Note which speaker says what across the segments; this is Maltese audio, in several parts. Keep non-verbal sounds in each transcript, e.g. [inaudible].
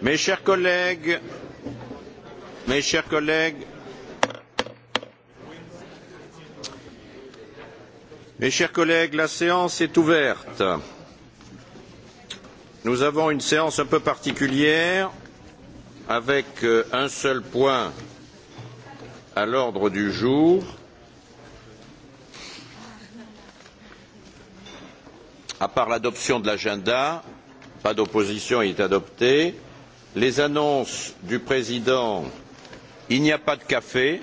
Speaker 1: Mes chers collègues, mes chers collègues, mes chers collègues, la séance est ouverte. Nous avons une séance un peu particulière avec euh, un seul point à l'ordre du jour. À part l'adoption de l'agenda, pas d'opposition, est adoptée les annonces du président il n'y a pas de café.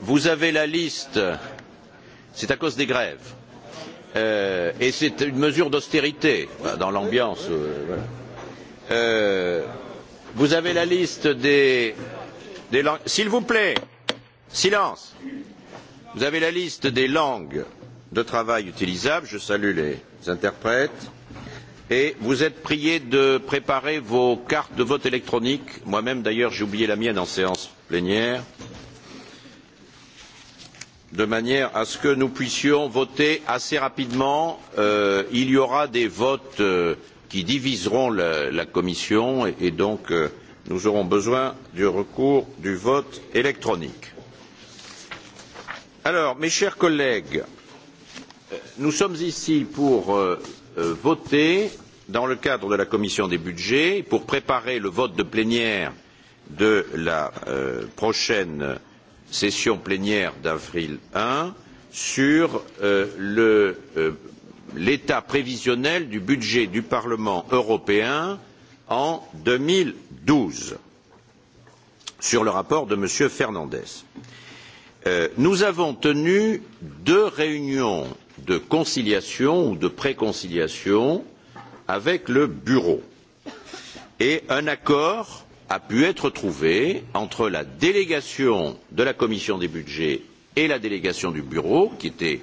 Speaker 1: Vous avez la liste c'est à cause des grèves euh, et c'est une mesure d'austérité dans l'ambiance. Euh, voilà. euh, vous avez la liste des, des langues s'il vous plaît silence vous avez la liste des langues de travail utilisables je salue les interprètes Et vous êtes prié de préparer vos cartes de vote électronique. Moi-même, d'ailleurs, j'ai oublié la mienne en séance plénière. De manière à ce que nous puissions voter assez rapidement. Euh, il y aura des votes euh, qui diviseront la, la commission et, et donc euh, nous aurons besoin du recours du vote électronique. Alors, mes chers collègues, nous sommes ici pour euh, voté dans le cadre de la commission des budgets pour préparer le vote de plénière de la euh, prochaine session plénière d'avril 1 sur euh, euh l'état euh, prévisionnel du budget du Parlement européen en deux mille douze, sur le rapport de M. Fernandez. Euh, nous avons tenu deux réunions de conciliation ou de préconciliation avec le bureau. Et un accord a pu être trouvé entre la délégation de la commission des budgets et la délégation du bureau, qui était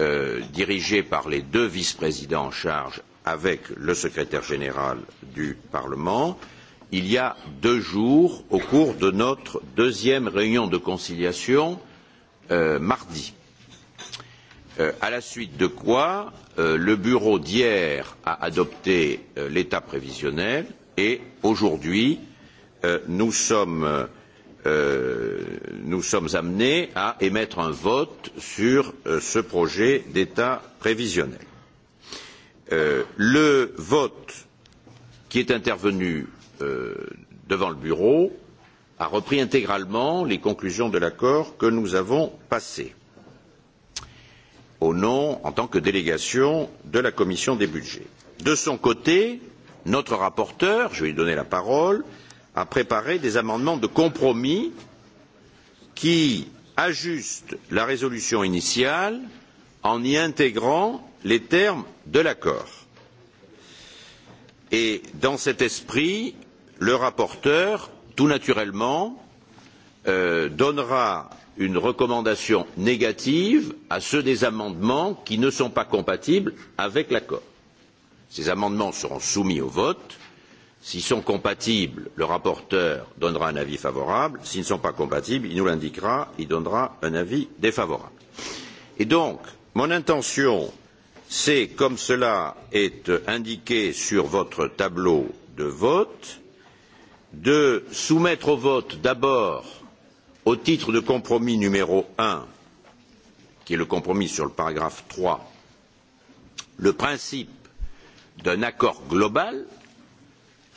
Speaker 1: euh, dirigée par les deux vice-présidents en charge avec le secrétaire général du Parlement, il y a deux jours au cours de notre deuxième réunion de conciliation euh, mardi. Euh, à la suite de quoi euh, le bureau d'hier a adopté euh, l'état prévisionnel et aujourd'hui nous sommes nous sommes amenés à émettre un vote sur ce projet d'état prévisionnel. le vote qui est intervenu devant le bureau a repris intégralement les conclusions de l'accord que nous avons passé au nom, en tant que délégation, de la commission des budgets. De son côté, notre rapporteur, je vais lui donner la parole, a préparé des amendements de compromis qui ajustent la résolution initiale en y intégrant les termes de l'accord. Et dans cet esprit, le rapporteur, tout naturellement, euh, donnera une recommandation négative à ceux des amendements qui ne sont pas compatibles avec l'accord. Ces amendements seront soumis au vote. S'ils sont compatibles, le rapporteur donnera un avis favorable. S'ils ne sont pas compatibles, il nous l'indiquera, il donnera un avis défavorable. Et donc, mon intention, c'est, comme cela est indiqué sur votre tableau de vote, de soumettre au vote d'abord Au titre de compromis numéro un, qui est le compromis sur le paragraphe trois, le principe d'un accord global,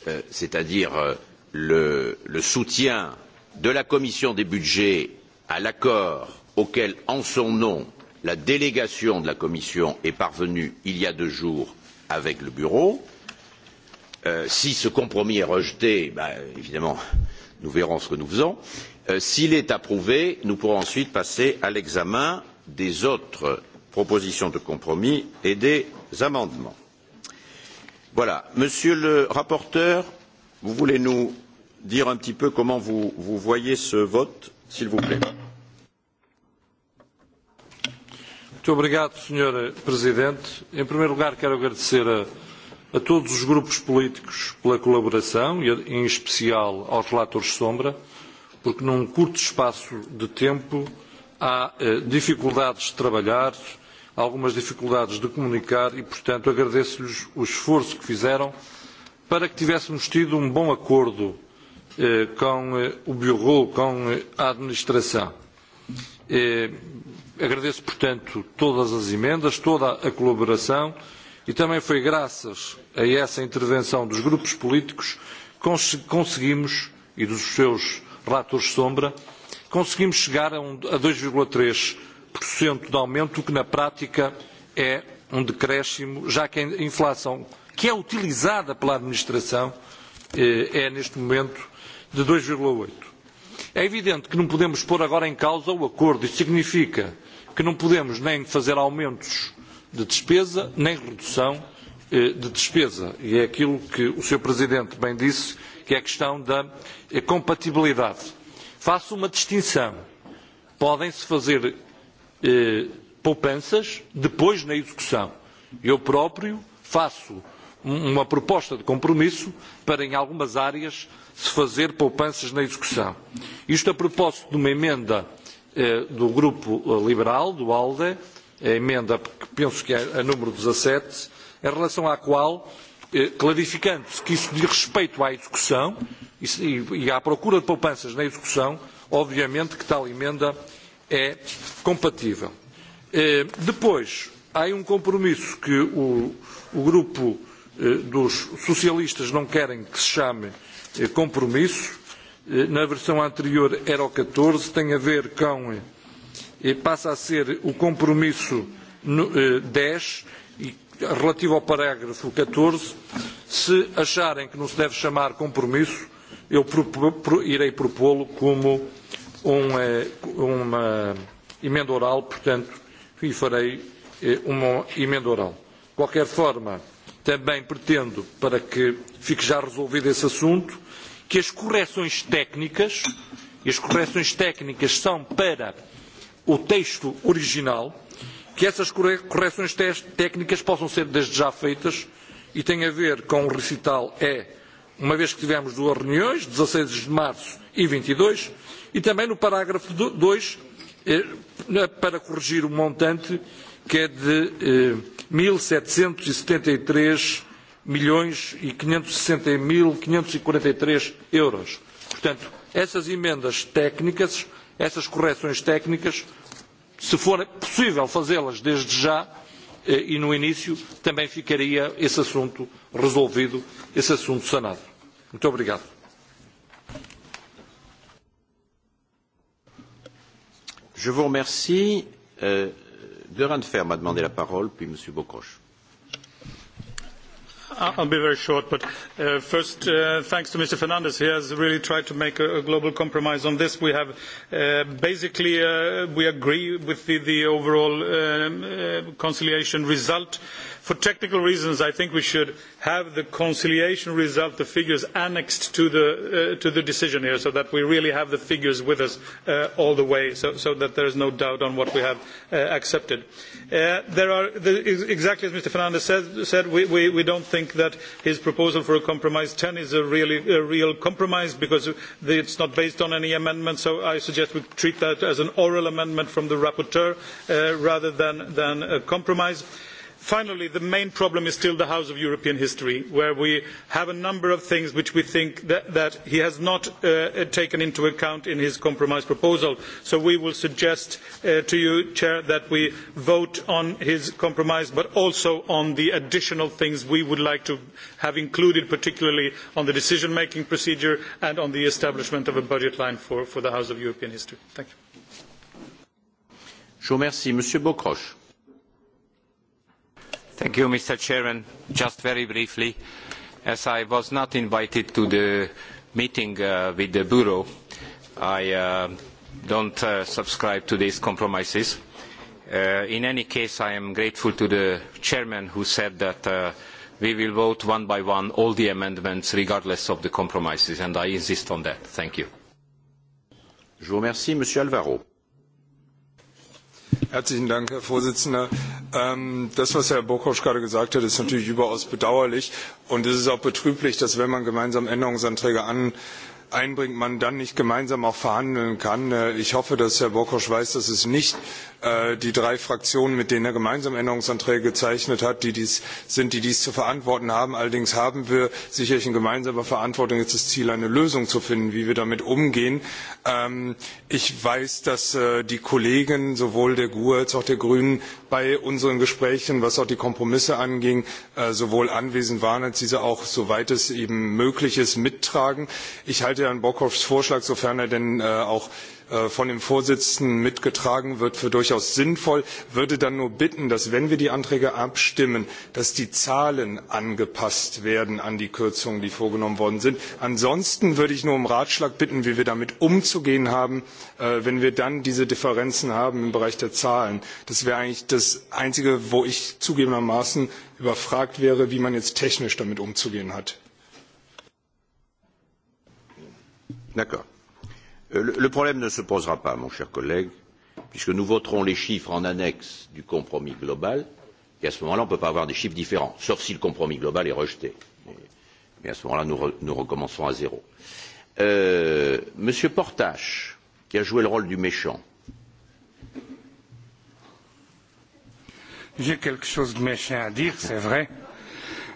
Speaker 1: euh, c'est-à-dire euh, le, le soutien de la commission des budgets à l'accord auquel, en son nom, la délégation de la commission est parvenue il y a deux jours avec le bureau. Euh, si ce compromis est rejeté, évidemment, nous verrons ce que nous faisons. Euh, s'il est approuvé, nous pourrons ensuite passer à l'examen des autres propositions de compromis et des amendements. Voilà. Monsieur le rapporteur, vous voulez nous dire un petit peu comment vous, vous voyez ce vote, s'il vous plaît.
Speaker 2: Muito obrigado, Sr. Presidente. Em primeiro lugar, quero agradecer a, a todos os grupos políticos pela colaboração, e em especial aos relatores Sombra porque num curto espaço de tempo há eh, dificuldades de trabalhar, algumas dificuldades de comunicar e, portanto, agradeço-lhes o esforço que fizeram para que tivéssemos tido um bom acordo eh, com eh, o Bureau, com eh, a administração. Eh, agradeço, portanto, todas as emendas, toda a colaboração e também foi graças a essa intervenção dos grupos políticos que conseguimos e dos seus relatores sombra, conseguimos chegar a, um, a 2,3% de aumento, o que na prática é um decréscimo, já que a inflação que é utilizada pela administração eh, é neste momento de 2,8%. É evidente que não podemos pôr agora em causa o acordo, isso significa que não podemos nem fazer aumentos de despesa, nem redução eh, de despesa. E é aquilo que o Sr. Presidente bem disse, que é a questão da eh, compatibilidade. Faço uma distinção. Podem-se fazer eh, poupanças depois na execução. Eu próprio faço um, uma proposta de compromisso para, em algumas áreas, se fazer poupanças na execução. Isto a propósito de uma emenda eh, do Grupo eh, Liberal, do ALDE, a emenda que penso que é a número 17, em relação à qual Eh, clarificando se que isso diz respeito à execução e, e, e à procura de poupanças na execução, obviamente que tal emenda é compatível. Eh, depois, há um compromisso que o, o grupo eh, dos socialistas não querem que se chame compromisso. Na versão anterior era o 14, tem a ver com, e passa a ser o compromisso 10 e relativo ao parágrafo 14, se acharem que não se deve chamar compromisso, eu irei propô-lo como um, eh, uma emenda oral, portanto, e farei eh, uma emenda oral. De qualquer forma, também pretendo, para que fique já resolvido esse assunto, que as correções técnicas, e as correções técnicas são para o texto original, que essas correções técnicas possam ser desde já feitas e tem a ver com o recital E, uma vez que tivemos duas reuniões, 16 de março e 22, e, e também no parágrafo 2, eh, para corrigir o montante que é de 1.773 eh, e e milhões e 560.543 euros. Portanto, essas emendas técnicas, essas correções técnicas se for possível fazê-las desde já eh, e no início, também ficaria esse assunto resolvido, esse assunto sanado. Muito obrigado.
Speaker 1: Je vous remercie. Euh, Ferm a demandé la parole, puis M. Bocoche.
Speaker 3: I'll be very short, but uh, first, uh, thanks to Mr. Fernandez. He has really tried to make a, a global compromise on this. We have uh, basically, uh, we agree with the, the overall um, uh, conciliation result. Uh, For technical reasons, I think we should have the conciliation result, the figures annexed to the, uh, to the decision here, so that we really have the figures with us uh, all the way, so, so that there is no doubt on what we have uh, accepted. Uh, there are, the, exactly as Mr. Fernandez said, said we, we, we don't think that his proposal for a compromise 10 is a, really, a real compromise because it's not based on any amendment, so I suggest we treat that as an oral amendment from the rapporteur uh, rather than, than a compromise. Uh, Finally, the main problem is still the House of European History, where we have a number of things which we think that, that he has not uh, taken into account in his compromise proposal. So we will suggest uh, to you, Chair, that we vote on his compromise, but also on the additional things we would like to have included, particularly on the decision-making procedure and on the establishment of a budget line for, for the House of European History. Thank you.
Speaker 1: Je vous remercie. Monsieur Thank you, Mr. Chairman. Just very briefly, as I was not invited to the meeting uh, with the Bureau, I uh, don't uh, subscribe to these compromises. Uh, in any case, I am grateful to the chairman who said that uh, we will vote one by one all the amendments regardless of the compromises, and I insist on that. Thank you. Je vous remercie, Monsieur Alvaro. Herzlichen Dank,
Speaker 4: Herr Vorsitzender. Ähm, das, was Herr Bokosch gerade gesagt hat, ist natürlich überaus bedauerlich. Und es ist auch betrüblich, dass wenn man gemeinsam Änderungsanträge an einbringt, man dann nicht gemeinsam auch verhandeln kann. Äh, ich hoffe, dass Herr Bokosch weiß, dass es nicht Äh, die drei Fraktionen, mit denen er gemeinsam Änderungsanträge gezeichnet hat, die dies sind, die dies zu verantworten haben. Allerdings haben wir sicherlich in gemeinsamer Verantwortung jetzt das Ziel, eine Lösung zu finden, wie wir damit umgehen. Ähm, ich weiß, dass äh, die Kollegen sowohl der GUE als auch der Grünen bei unseren Gesprächen, was auch die Kompromisse anging, äh, sowohl anwesend waren, als diese auch, soweit es eben möglich ist, mittragen. Ich halte Herrn Bockhoffs Vorschlag, sofern er denn auch Äh, von dem Vorsitzenden mitgetragen wird, für durchaus sinnvoll. Würde dann nur bitten, dass wenn wir die Anträge abstimmen, dass die Zahlen angepasst werden an die Kürzungen, die vorgenommen worden sind. Ansonsten würde ich nur um Ratschlag bitten, wie wir damit umzugehen haben, äh, wenn wir dann diese Differenzen haben im Bereich der Zahlen. Das wäre eigentlich das Einzige, wo ich zugegebenermaßen überfragt wäre, wie man jetzt technisch damit umzugehen hat.
Speaker 1: D'accord. Euh, le problème ne se posera pas, mon cher collègue, puisque nous voterons les chiffres en annexe du compromis global, et à ce moment-là, on ne peut pas avoir des chiffres différents, sauf si le compromis global est rejeté. Mais à ce moment-là, nous, re nous, recommençons à zéro. Euh, Monsieur Portache, qui a joué le rôle du méchant.
Speaker 5: J'ai quelque chose de méchant à dire, c'est vrai,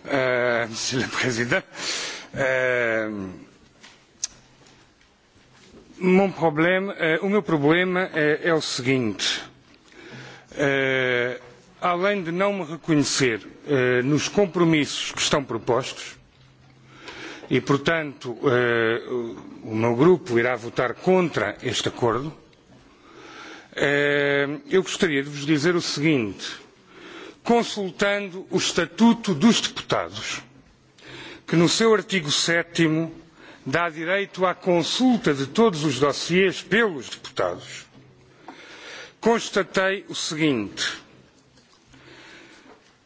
Speaker 5: euh, Monsieur le Président. Euh, Mon problema, eh, o meu problema é, eh, é o seguinte. Eh, além de não me reconhecer nos compromissos que estão propostos, e, portanto, o meu grupo irá votar contra este acordo, eu gostaria de vos dizer o seguinte. Consultando o Estatuto dos Deputados, que no seu artigo 7 dá direito à consulta de todos os dossiês pelos deputados. Constatei o seguinte,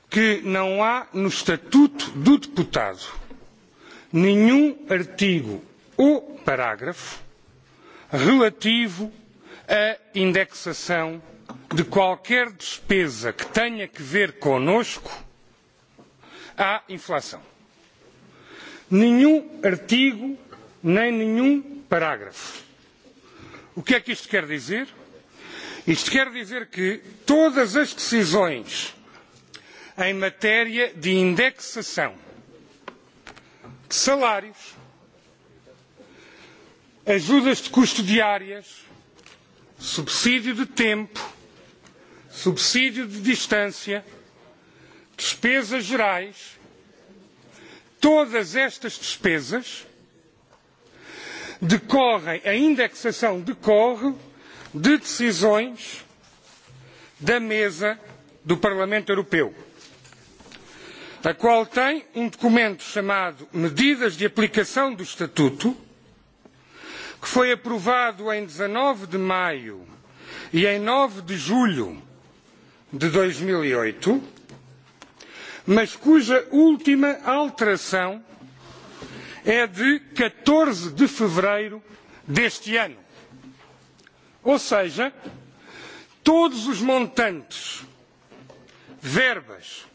Speaker 5: que não há no Estatuto do Deputado nenhum artigo ou parágrafo relativo à indexação de qualquer despesa que tenha que ver conosco à inflação nenhum artigo nem nenhum parágrafo. O que é que isto quer dizer? Isto quer dizer que todas as decisões em matéria de indexação de salários, ajudas de custo diárias, subsídio de tempo, subsídio de distância, despesas gerais, todas estas despesas decorrem, a indexação decorre de decisões da mesa do Parlamento Europeu, a qual tem um documento chamado Medidas de Aplicação do Estatuto, que foi aprovado em 19 de maio e em 9 de julho de 2008, mas cuja última alteração é de 14 de fevereiro deste ano. Ou seja, todos os montantes, verbas,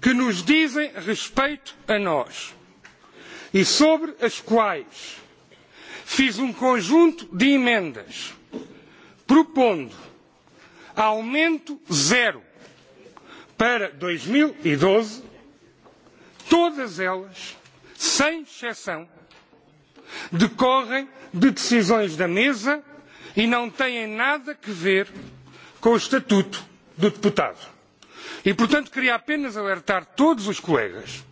Speaker 5: que nos dizem respeito a nós e sobre as quais fiz um conjunto de emendas propondo aumento zero para dois mil e doze, todas elas, sem exceção, decorrem de decisões da mesa e não têm nada que ver com o estatuto do deputado. E, portanto, queria apenas alertar todos os colegas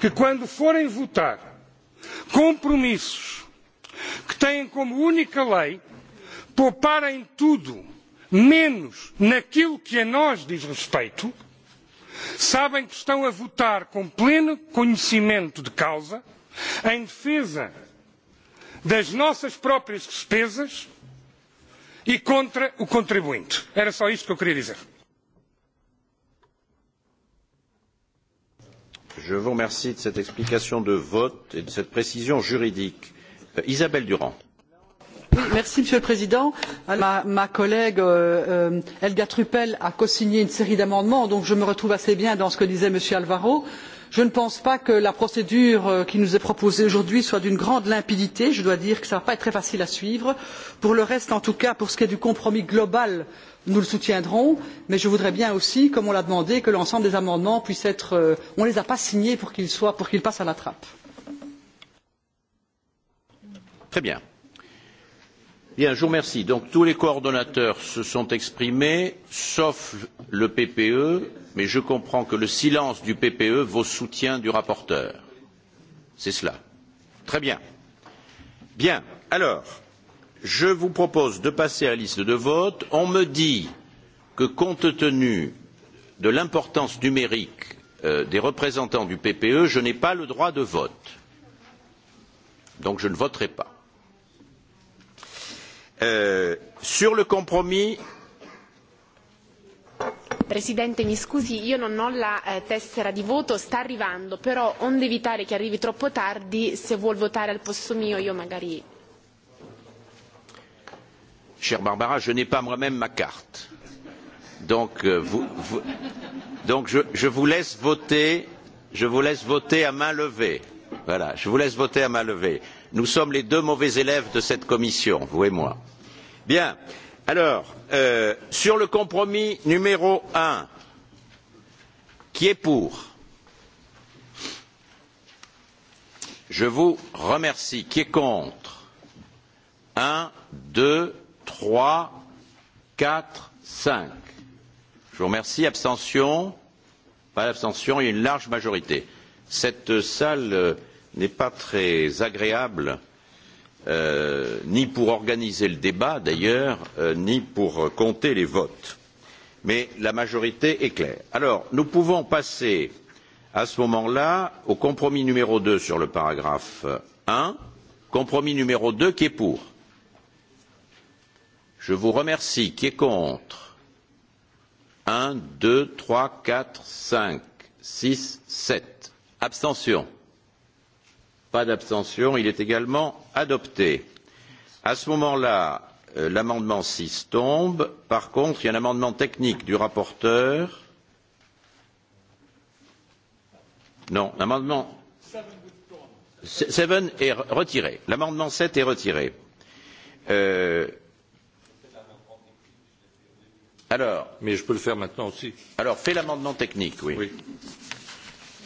Speaker 5: que, quando forem votar compromissos que têm como única lei pouparem tudo menos naquilo que a nós diz respeito, sabem que estão a votar com pleno conhecimento de causa em defesa das nossas próprias despesas e contra o contribuinte. Era só isto que eu queria dizer.
Speaker 1: Je vous remercie de cette explication de vote et de cette précision juridique. Euh, Isabelle Durand.
Speaker 6: Oui, merci, Monsieur le Président. Euh, ma, ma collègue euh, euh, Helga Truppel a cosigné une série d'amendements, donc je me retrouve assez bien dans ce que disait Monsieur Alvaro. Je ne pense pas que la procédure euh, qui nous est proposée aujourd'hui soit d'une grande limpidité. Je dois dire que ça ne va pas être très facile à suivre. Pour le reste, en tout cas, pour ce qui est du compromis global, nous le soutiendrons. Mais je voudrais bien aussi, comme on l'a demandé, que l'ensemble des amendements puissent être. Euh, on ne les a pas signés pour qu'ils qu passent à la trappe.
Speaker 1: Très bien. Bien, je vous remercie. Donc tous les coordonnateurs se sont exprimés, sauf le PPE, mais je comprends que le silence du PPE vaut soutien du rapporteur. C'est cela. Très bien. Bien, alors, je vous propose de passer à la liste de vote. On me dit que compte tenu de l'importance numérique euh, des représentants du PPE, je n'ai pas le droit de vote. Donc je ne voterai pas. Eh, sur le compromis
Speaker 7: Presidente, mi scusi, io non ho la eh, tessera di voto, sta arrivando, però onde evitare che arrivi troppo tardi, se vuol votare al posto mio io magari...
Speaker 1: Chère Barbara, je n'ai pas moi-même ma carte. Donc, euh, vous, vous, donc je, je, vous laisse voter, je vous laisse voter à main levée. Voilà, je vous laisse voter à main levée. Nous sommes les deux mauvais élèves de cette commission, vous et moi. Bien. Alors, euh, sur le compromis numéro un, qui est pour Je vous remercie. Qui est contre Un, deux, trois, quatre, cinq. Je vous remercie. Abstention Pas d'abstention, il y a une large majorité. Cette salle euh, n'est pas très agréable, euh, ni pour organiser le débat d'ailleurs, euh, ni pour euh, compter les votes. Mais la majorité est claire. Alors, nous pouvons passer à ce moment-là au compromis numéro deux sur le paragraphe euh, un, compromis numéro deux qui est pour. Je vous remercie. Qui est contre Un, deux, trois, quatre, cinq, six, sept. Abstention. Pas d'abstention. Il est également adopté. À ce moment-là, euh, l'amendement six tombe. Par contre, il y a un amendement technique du rapporteur. Non, l'amendement seven est retiré. L'amendement sept est retiré. Euh... Alors. Mais je peux le faire maintenant aussi. Alors, fais l'amendement technique, oui. oui.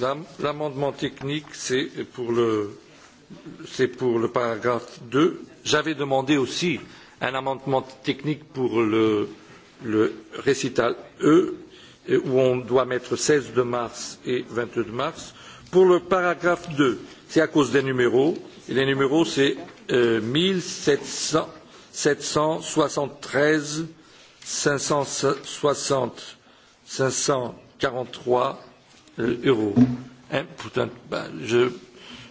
Speaker 2: L'amendement technique, c'est pour, le, c'est pour le paragraphe 2. J'avais demandé aussi un amendement technique pour le, le récital E, euh, où on doit mettre 16 de mars et 22 de mars. Pour le paragraphe 2, c'est à cause des numéros. Et les numéros, c'est euh, 1773, 560, 543, euh, euros. Hein, eh, putain, je,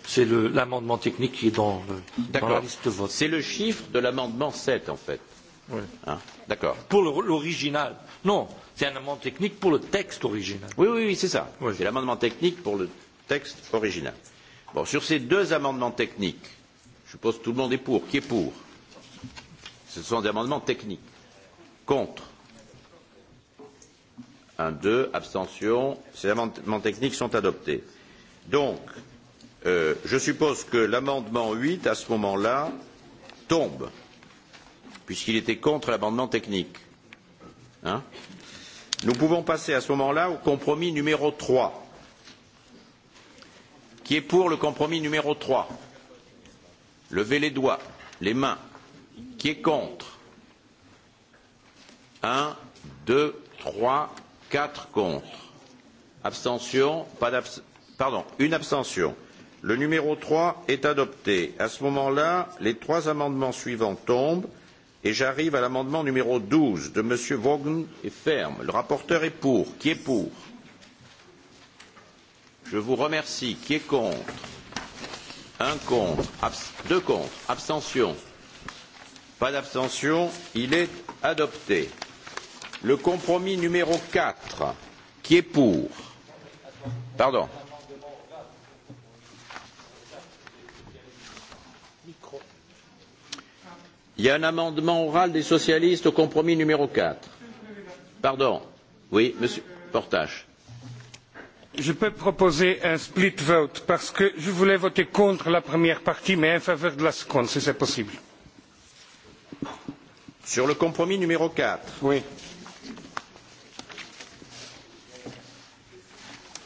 Speaker 2: c'est l'amendement technique qui est dans, le, dans la liste de vote. C'est le chiffre de
Speaker 1: l'amendement 7, en fait. Oui. Hein, D'accord. Pour l'original. Non, c'est un amendement technique pour le texte original. Oui, oui, oui c'est ça. Oui. C'est l'amendement technique pour le texte original. Bon, sur ces deux amendements techniques, je suppose que tout le monde est pour. Qui est pour Ce sont des amendements techniques. Contre 1, 2, abstention. Ces amendements techniques sont adoptés. Donc, euh, je suppose que l'amendement 8, à ce moment-là, tombe, puisqu'il était contre l'amendement technique. Hein Nous pouvons passer à ce moment-là au compromis numéro 3. Qui est pour le compromis numéro 3 Levez les doigts, les mains. Qui est contre 1, 2, 3, Quatre contre. Abstention. Pas Pardon, une abstention. Le numéro trois est adopté. À ce moment-là, les trois amendements suivants tombent et j'arrive à l'amendement numéro douze de M. Vaughan et ferme. Le rapporteur est pour. Qui est pour Je vous remercie. Qui est contre Un contre. Abs deux contre. Abstention. Pas d'abstention. Il est adopté. Le compromis numéro 4, qui est pour Pardon. Il y a un amendement oral des socialistes au compromis numéro 4. Pardon. Oui, monsieur Portache.
Speaker 5: Je peux proposer un split vote parce que je voulais voter contre la première partie mais en faveur de la seconde si c'est possible.
Speaker 1: Sur le compromis numéro 4. Oui.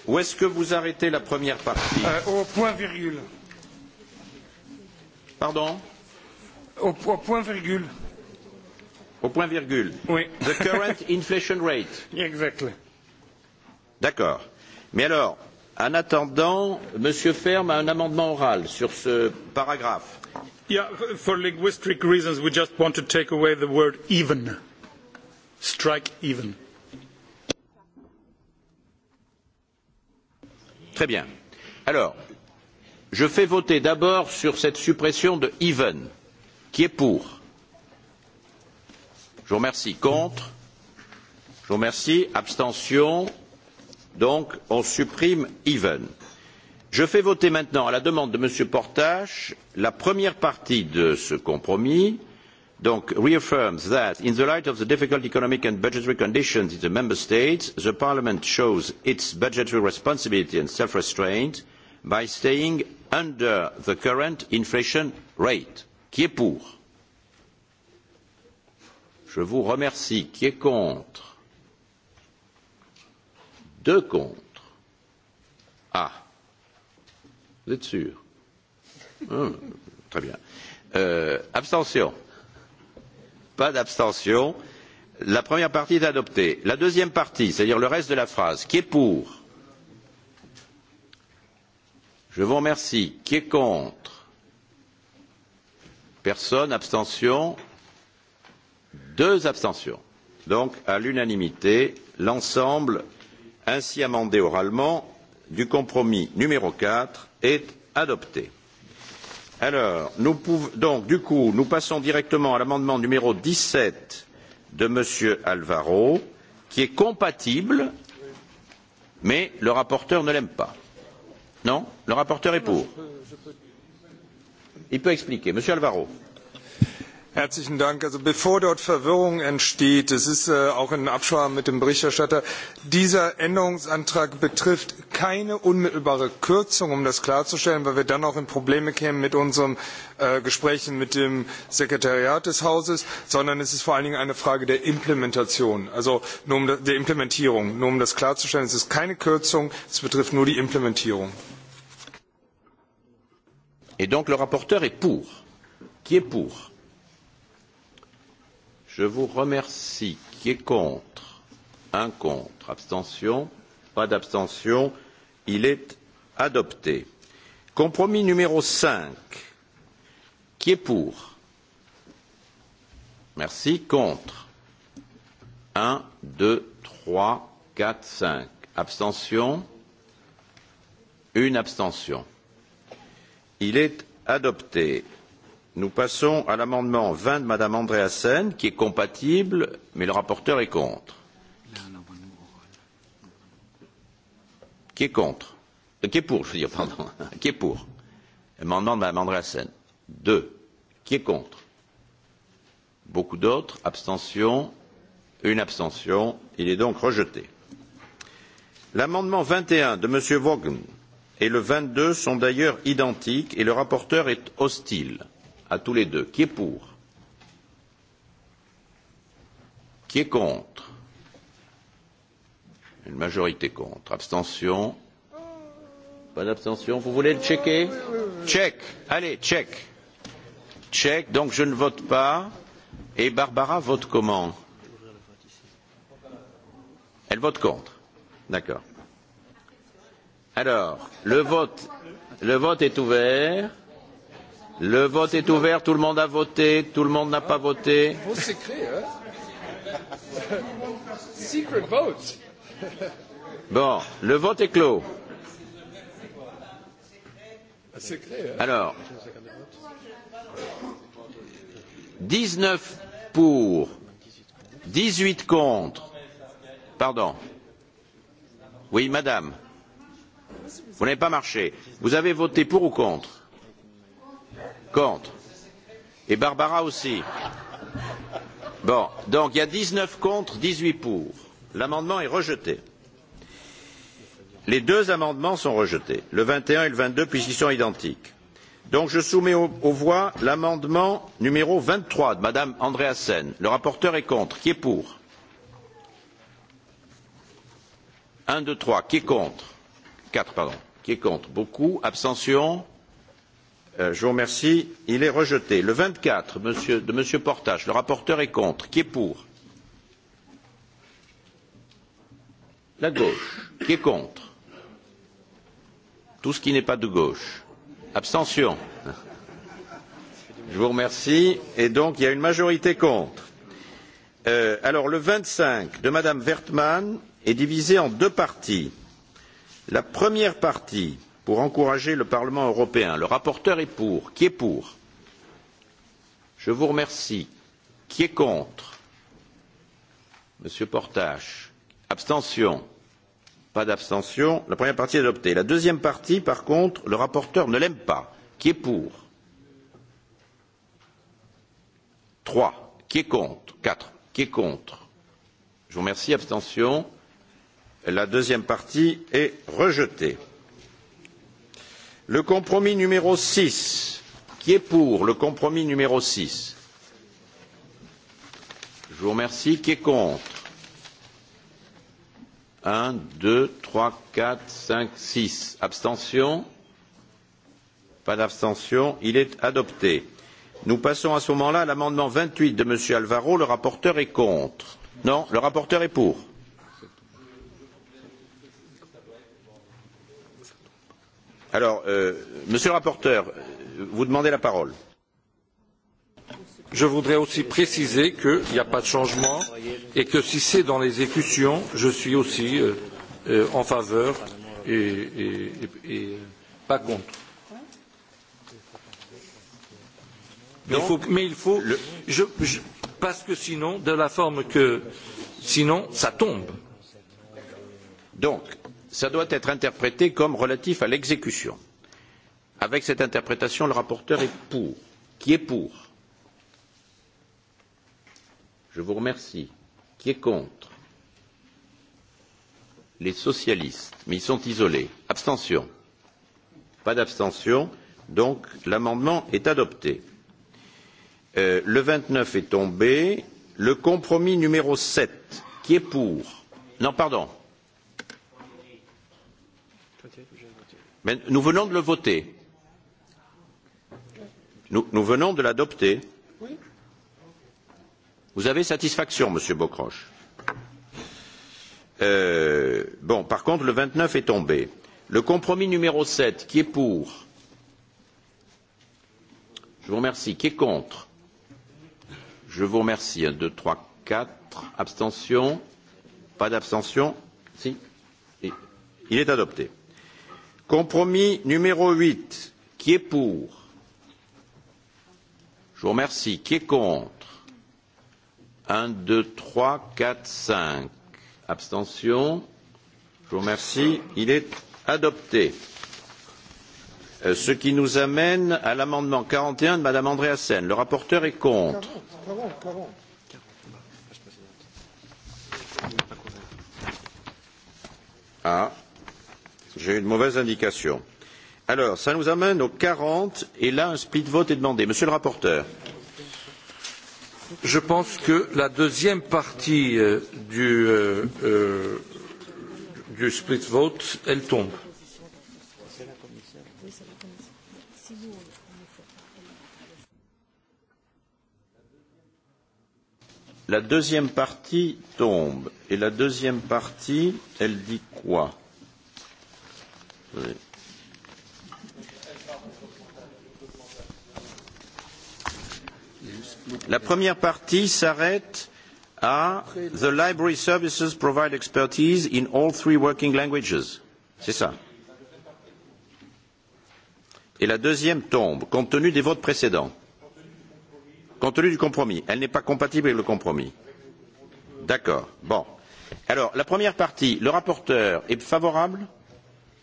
Speaker 1: Où est-ce que vous arrêtez la première partie euh, Au
Speaker 5: point virgule. Pardon au, au point
Speaker 1: virgule. Au point virgule. Oui. The current [laughs] inflation rate. Exactly. D'accord. Mais alors, en attendant, M. Ferme a un amendement oral sur ce paragraphe.
Speaker 3: Yeah, for linguistic reasons, we just want to take away the word even. Strike even.
Speaker 1: Très bien. Alors, je fais voter d'abord sur cette suppression de even. Qui est pour Je vous remercie. Contre Je vous remercie. Abstention Donc, on supprime even. Je fais voter maintenant, à la demande de M. Portache, la première partie de ce compromis donc reaffirms that in the light of the difficult economic and budgetary conditions in the member states the parliament shows its budgetary responsibility and self restraint by staying under the current inflation rate qui est pour je vous remercie qui est contre deux contre ah vous êtes sûr
Speaker 6: [laughs] hmm.
Speaker 1: très bien euh, abstention Pas d'abstention. La première partie est adoptée. La deuxième partie, c'est-à-dire le reste de la phrase, qui est pour Je vous remercie. Qui est contre Personne. Abstention Deux abstentions. Donc, à l'unanimité, l'ensemble ainsi amendé oralement du compromis numéro quatre est adopté. Alors, nous pouvons, donc, du coup, nous passons directement à l'amendement numéro 17 de M. Alvaro, qui est compatible, mais le rapporteur ne l'aime pas. Non Le rapporteur est pour. Il peut expliquer. Monsieur Alvaro.
Speaker 4: Herzlichen Dank. Also bevor dort Verwirrung entsteht, es ist äh, auch in Absprache mit dem Berichterstatter, dieser Änderungsantrag betrifft keine unmittelbare Kürzung, um das klarzustellen, weil wir dann auch in Probleme kämen mit unseren äh, Gesprächen mit dem Sekretariat des Hauses, sondern es ist vor allen Dingen eine Frage der Implementation, also nur um der Implementierung. Nur um das klarzustellen, es ist keine Kürzung, es betrifft nur die Implementierung.
Speaker 1: Et donc le rapporteur est pour. Qui est pour? Je vous remercie. Qui est contre Un contre. Abstention Pas d'abstention. Il est adopté. Compromis numéro 5. Qui est pour Merci. Contre 1, 2, 3, 4, 5. Abstention Une abstention. Il est adopté. Nous passons à l'amendement 20 de Madame Andreasen, qui est compatible, mais le rapporteur est contre. Qui est contre euh, Qui est pour, je veux dire, pardon. [laughs] Qui est pour Amendement de Mme Andreasen. Deux. Qui est contre Beaucoup d'autres. Abstention. Une abstention. Il est donc rejeté. L'amendement 21 de M. Vaughan et le 22 sont d'ailleurs identiques et le rapporteur est hostile à tous les deux. Qui est pour Qui est contre Une majorité contre. Abstention Pas d'abstention Vous voulez le checker Check. Allez, check. Check. Donc je ne vote pas. Et Barbara vote comment Elle vote contre. D'accord. Alors, le vote, le vote est ouvert. Le vote est ouvert, tout le monde a voté, tout le monde n'a pas voté.
Speaker 4: Secret vote.
Speaker 1: Bon, le vote est clos. Alors, 19 pour, 18 contre. Pardon. Oui, madame. Vous n'avez pas marché. Vous avez voté pour ou contre Contre. Et Barbara aussi. Bon, donc il y a dix neuf contre, dix huit pour. L'amendement est rejeté. Les deux amendements sont rejetés, le vingt et un et le vingt deux, puisqu'ils sont identiques. Donc je soumets aux au voix l'amendement numéro vingt trois de Madame Sen. Le rapporteur est contre. Qui est pour Un, deux, trois. Qui est contre Quatre, pardon. Qui est contre Beaucoup. Abstention Euh, je vous remercie. Il est rejeté. Le vingt quatre de Monsieur Portage, le rapporteur est contre. Qui est pour La gauche. Qui est contre Tout ce qui n'est pas de gauche. Abstention. Je vous remercie. Et donc, il y a une majorité contre. Euh, alors, le vingt cinq de Madame Wertmann est divisé en deux parties. La première partie pour encourager le Parlement européen. Le rapporteur est pour. Qui est pour Je vous remercie. Qui est contre Monsieur Portache. Abstention. Pas d'abstention. La première partie est adoptée. La deuxième partie, par contre, le rapporteur ne l'aime pas. Qui est pour Trois. Qui est contre Quatre. Qui est contre Je vous remercie. Abstention. La deuxième partie est rejetée. Le compromis numéro six. Qui est pour le compromis numéro six Je vous remercie. Qui est contre Un, deux, trois, quatre, cinq, six. Abstention Pas d'abstention. Il est adopté. Nous passons à ce moment-là à l'amendement vingt huit de M. Alvaro. Le rapporteur est contre. Non, le rapporteur est pour. Alors, euh, monsieur le rapporteur, vous demandez la parole. Je voudrais aussi
Speaker 2: préciser qu'il n'y a pas de changement et que si c'est dans l'exécution, je suis aussi euh, euh, en faveur et, et, et, et pas contre. Mais il faut, mais il faut le... je, je, parce que sinon, de la forme que sinon, ça tombe.
Speaker 1: Donc, ça doit être interprété comme relatif à l'exécution. Avec cette interprétation, le rapporteur est pour. Qui est pour Je vous remercie. Qui est contre Les socialistes, mais ils sont isolés. Abstention. Pas d'abstention. Donc l'amendement est adopté. Euh, le vingt neuf est tombé. Le compromis numéro sept, qui est pour Non, pardon. Mais nous venons de le voter. Nous, nous venons de l'adopter. Vous avez satisfaction, Monsieur Bocroche. Euh, bon, par contre, le vingt neuf est tombé. Le compromis numéro sept, qui est pour Je vous remercie. Qui est contre Je vous remercie. Un, deux, trois, quatre. Abstention Pas d'abstention Si Il est adopté. Compromis numéro huit, qui est pour Je vous remercie. Qui est contre Un, deux, trois, quatre, cinq. Abstentions? Je vous remercie. Il est adopté. Euh, ce qui nous amène à l'amendement quarante et un de Madame Andréassen. Le rapporteur est contre. Ah. J'ai une mauvaise indication. Alors, ça nous amène aux quarante et là, un split vote est demandé. Monsieur le rapporteur. Je pense que la deuxième partie euh, du, euh, euh,
Speaker 2: du split vote, elle tombe.
Speaker 1: La deuxième partie tombe. Et la deuxième partie, elle dit quoi La première partie s'arrête à The library services provide expertise in all three working languages. C'est ça. Et la deuxième tombe, compte tenu des votes précédents. Compte tenu du compromis. Elle n'est pas compatible avec le compromis. D'accord. Bon. Alors, la première partie, le rapporteur est favorable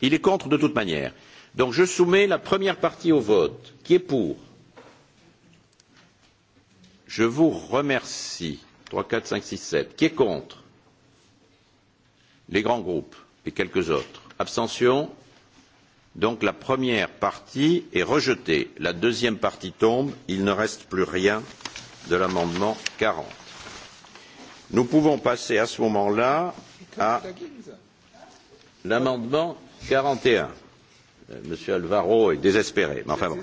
Speaker 1: Il est contre de toute manière. Donc je soumets la première partie au vote. Qui est pour Je vous remercie. 3, 4, 5, 6, 7. Qui est contre Les grands groupes et quelques autres. Abstention Donc la première partie est rejetée. La deuxième partie tombe. Il ne reste plus rien de l'amendement 40. Nous pouvons passer à ce moment-là à l'amendement quarante et un Monsieur Alvaro est désespéré, mais enfin bon.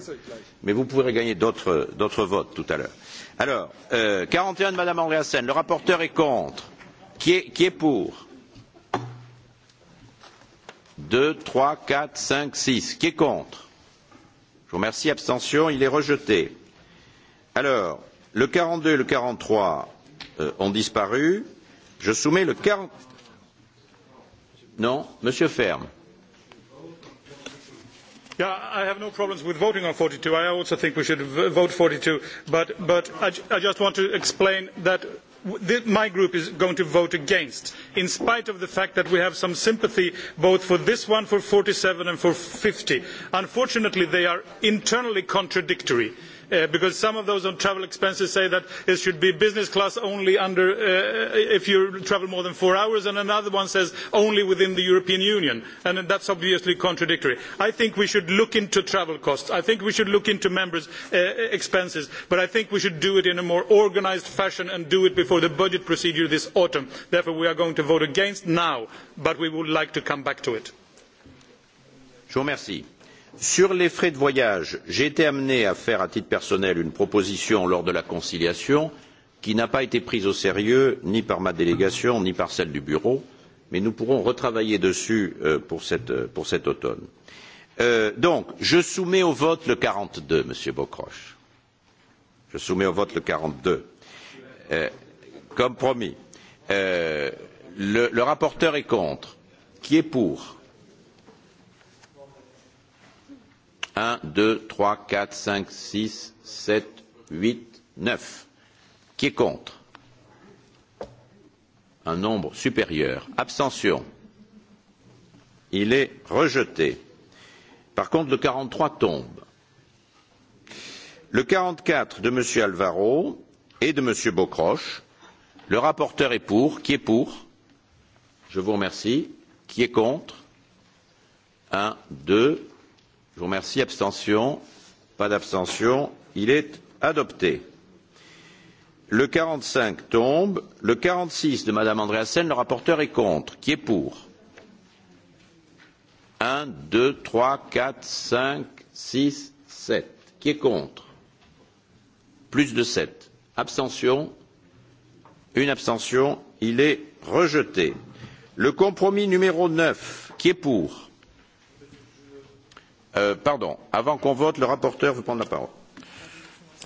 Speaker 1: Mais vous pourrez gagner d'autres votes tout à l'heure. Alors, euh, quarante et un de Madame Andréasen, le rapporteur est contre. Qui est, qui est pour Deux, trois, quatre, cinq, six. Qui est contre Je vous remercie. Abstention, il est rejeté. Alors, le quarante deux et le quarante trois euh, ont disparu. Je soumets le quarante. Non, Monsieur Ferme.
Speaker 3: Yeah, I have no problems with voting on forty two. I also think we should vote forty two, But, but I, I just want to explain that my group is going to vote against, in spite of the fact that we have some sympathy both for this one, for forty seven and for fifty. Unfortunately, they are internally contradictory. Uh, Uh, because some of those on travel expenses say that it should be business class only under, uh, if you travel more than four hours, and another one says only within the European Union. And that is obviously contradictory. I think we should look into travel costs. I think we should look into members' uh, expenses, but I think we should do it in a more organised fashion and do it before the budget procedure this autumn. Therefore, we are going to vote against now, but we would like to come back to it.
Speaker 1: Je vous remercie. Sur les frais de voyage, j'ai été amené à faire à titre personnel une proposition lors de la conciliation qui n'a pas été prise au sérieux ni par ma délégation ni par celle du bureau, mais nous pourrons retravailler dessus euh, pour, cette, euh, pour cet automne. Euh, donc, je soumets au vote le quarante deux, Monsieur Bocroche. Je soumets au vote le quarante deux. Euh, comme promis. Euh, le, le rapporteur est contre. Qui est pour? 1, 2, 3, 4, 5, 6, 7, 8, 9. Qui est contre Un nombre supérieur. Abstention. Il est rejeté. Par contre, le 43 tombe. Le 44 de M. Alvaro et de M. Bocroche. Le rapporteur est pour. Qui est pour Je vous remercie. Qui est contre 1, 2, Je vous remercie. Abstention Pas d'abstention. Il est adopté. Le quarante cinq tombe. Le quarante six de Madame Andreasen, le rapporteur est contre. Qui est pour Un, deux, trois, quatre, cinq, six, sept. Qui est contre Plus de sept. Abstention Une abstention. Il est rejeté. Le compromis numéro neuf. Qui est pour Euh, pardon, avant qu'on vote, le rapporteur veut prendre la parole.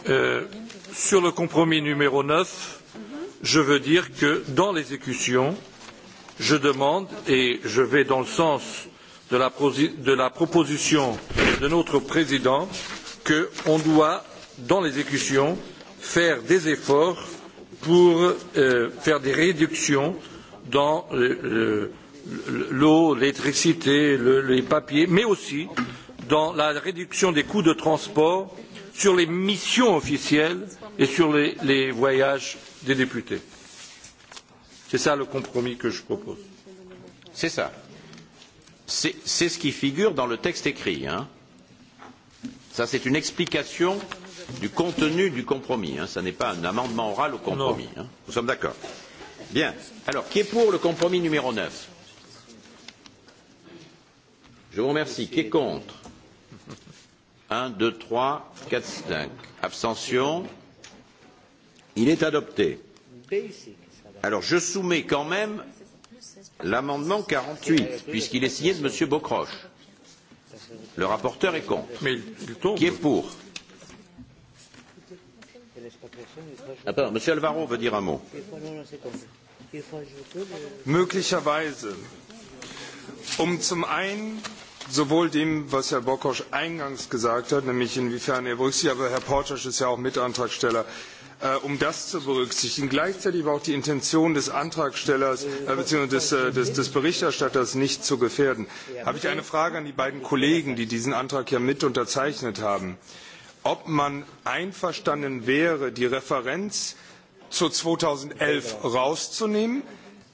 Speaker 2: Euh, sur le compromis numéro 9, je veux dire que dans l'exécution, je demande et je vais dans le sens de la, de la proposition de notre président qu'on doit, dans l'exécution, faire des efforts pour euh, faire des réductions dans l'eau, l'électricité, le, les papiers, mais aussi dans la réduction des coûts de transport sur les missions officielles et sur les, les voyages
Speaker 1: des députés. C'est ça le compromis que je propose. C'est ça. C'est ce qui figure dans le texte écrit. Hein. Ça, c'est une explication du contenu du compromis. Hein. Ça n'est pas un amendement oral au compromis. Hein. Nous sommes d'accord. Bien. Alors, qui est pour le compromis numéro 9 Je vous remercie. Qui est contre 1, 2, 3, 4, 5. Abstention. Il est adopté. Alors je soumets quand même l'amendement 48, puisqu'il est signé de M. Bocroche. Le rapporteur est contre. Mais il tombe. Qui est pour Attends, ah, M. Alvaro veut dire un mot. Möglicherweise,
Speaker 4: um zum einen sowohl dem, was Herr Bokosch eingangs gesagt hat, nämlich inwiefern er berücksichtigt, aber Herr Portosch ist ja auch Mitantragsteller, äh, um das zu berücksichtigen. Gleichzeitig aber auch die Intention des Antragstellers äh, bzw. Des, äh, des, des Berichterstatters nicht zu gefährden. Habe ich eine Frage an die beiden Kollegen, die diesen Antrag ja mit unterzeichnet haben. Ob man einverstanden wäre, die Referenz zu 2011 rauszunehmen,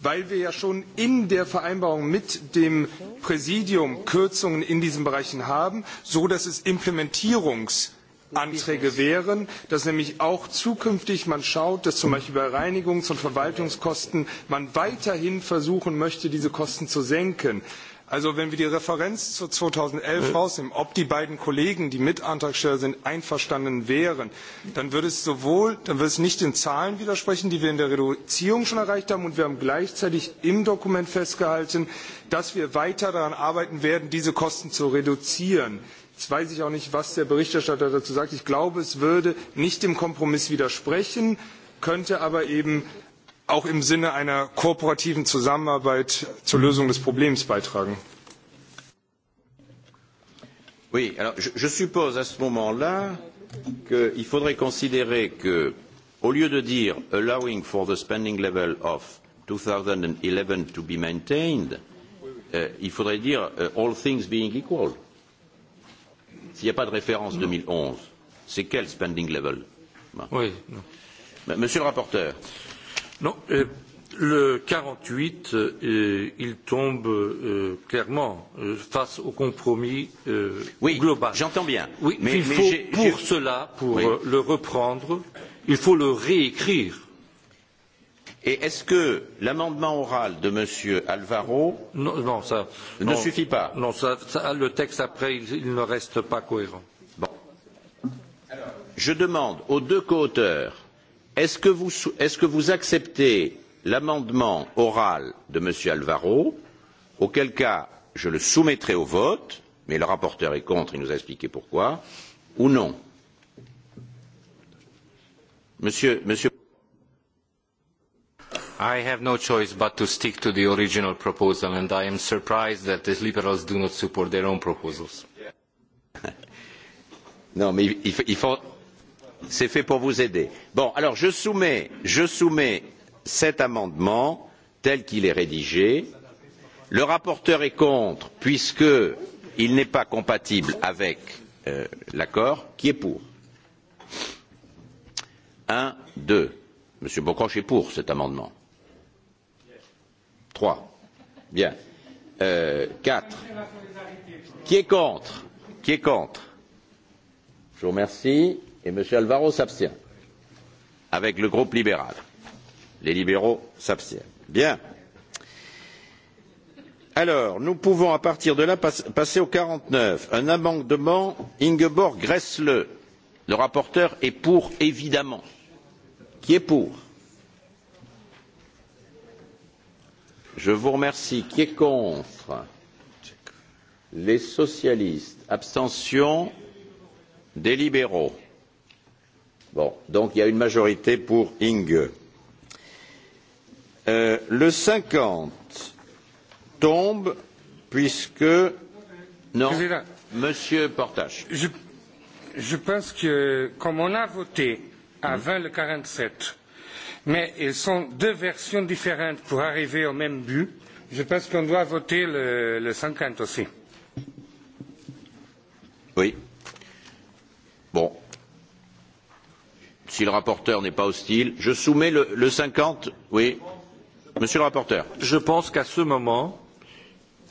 Speaker 4: weil wir ja schon in der Vereinbarung mit dem Präsidium Kürzungen in diesen Bereichen haben, so dass es Implementierungs Anträge wären, dass nämlich auch zukünftig man schaut, dass zum Beispiel bei Reinigungs- und Verwaltungskosten man weiterhin versuchen möchte, diese Kosten zu senken. Also wenn wir die Referenz zu 2011 äh. rausnehmen, ob die beiden Kollegen, die Mitantragsteller sind, einverstanden wären, dann würde es sowohl, dann würde es nicht den Zahlen widersprechen, die wir in der Reduzierung schon erreicht haben, und wir haben gleichzeitig im Dokument festgehalten, dass wir weiter daran arbeiten werden, diese Kosten zu reduzieren. Jetzt weiß ich auch nicht, was der Berichterstatter dazu sagt. Ich glaube, es würde nicht dem Kompromiss widersprechen, könnte aber eben auch im Sinne einer kooperativen Zusammenarbeit zur Lösung des
Speaker 1: Problems beitragen. Oui, alors je, je suppose à ce moment-là qu'il faudrait considérer que, au lieu de dire allowing for the spending level of 2011 to be maintained, euh, il faudrait dire euh, all things being equal. S'il n'y a pas de référence 2011, c'est quel spending level Oui. Non. Monsieur le rapporteur, Non, euh, le 48, euh, il tombe
Speaker 2: euh, clairement euh, face au compromis euh, oui, global. J'entends bien. Oui, mais, il mais faut
Speaker 1: pour cela, pour oui. Euh, le reprendre, il faut le réécrire. Et est-ce que l'amendement oral de M. Alvaro
Speaker 2: non, non, ça, ne non, suffit pas Non, ça, ça, le texte après, il, il ne reste pas cohérent.
Speaker 1: Bon. Alors, je demande aux deux coauteurs Est-ce que, est que vous, acceptez l'amendement oral de M. Alvaro, auquel cas je le soumettrai au vote, mais le rapporteur est contre, il nous a expliqué pourquoi, ou non Monsieur, Monsieur... I have no choice but to stick to the original proposal, and I am surprised that the Liberals do not support their own proposals. [laughs] non, mais il, il, faut, C'est fait pour vous aider. Bon, alors je soumets, je soumets cet amendement tel qu'il est rédigé. Le rapporteur est contre puisqu'il n'est pas compatible avec euh, l'accord. Qui est pour Un, deux. Monsieur Bocroche est pour cet amendement. Trois. Bien. Euh, quatre. Qui est contre Qui est contre Je vous remercie et M. Alvaro s'abstient. Avec le groupe libéral. Les libéraux s'abstiennent. Bien. Alors, nous pouvons à partir de là passer au quarante neuf. Un amendement Ingeborg Gressle. Le rapporteur est pour, évidemment. Qui est pour Je vous remercie. Qui est contre Les socialistes. Abstention des libéraux. Bon, donc il y a une majorité pour Inge. Euh, le cinquante tombe puisque non, Président, Monsieur Portache. Je,
Speaker 5: je pense que comme on a voté avant mmh. le quarante sept, mais ils sont deux versions différentes pour arriver au même but, je pense qu'on doit voter le, le 50 aussi.
Speaker 1: Oui. si le rapporteur n'est pas hostile, je soumets le, cinquante. Oui, monsieur le rapporteur. Je pense qu'à ce moment,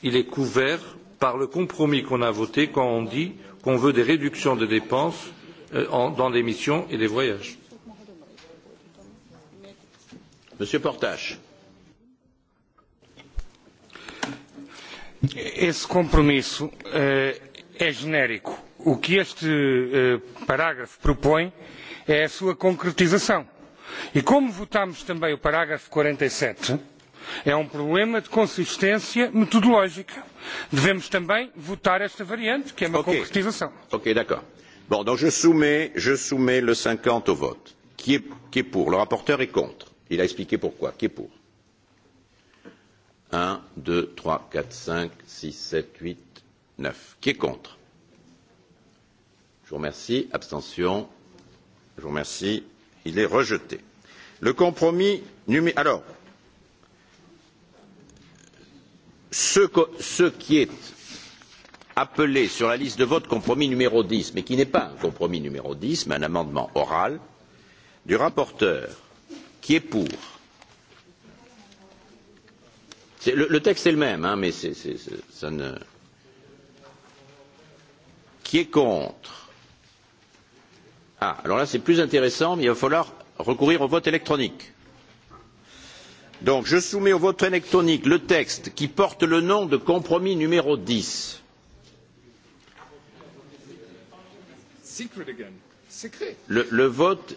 Speaker 2: il est couvert par le compromis qu'on a voté quand on dit qu'on veut des réductions de dépenses euh, dans les missions et les voyages.
Speaker 5: Monsieur Portache. Esse compromisso eh, é genérico. O que este eh, parágrafo propõe é a sua concretização. E como votamos também o parágrafo 47, e é um problema de consistência metodológica. Devemos também votar esta variante, que é uma okay. concretização. Ok, d'accord.
Speaker 1: Bom, então, je soumets, je soumets le 50 au voto. Qui est, qui est pour Le rapporteur est contre. Il a expliqué pourquoi. Qui est pour 1, 2, 3, 4, 5, 6, 7, 8, 9. Qui est contre Je vous remercie. Abstention. Je vous remercie. Il est rejeté. Le compromis numéro... Alors, ce, ce qui est appelé sur la liste de vote compromis numéro 10, mais qui n'est pas un compromis numéro 10, mais un amendement oral, du rapporteur, qui est pour. Est, le, le, texte est le même, hein, mais c est, c est, ça ne. Qui est contre Ah, alors là, c'est plus intéressant, mais il va falloir recourir au vote électronique. Donc, je soumets au vote électronique le texte qui porte le nom de compromis numéro dix. Le, le vote.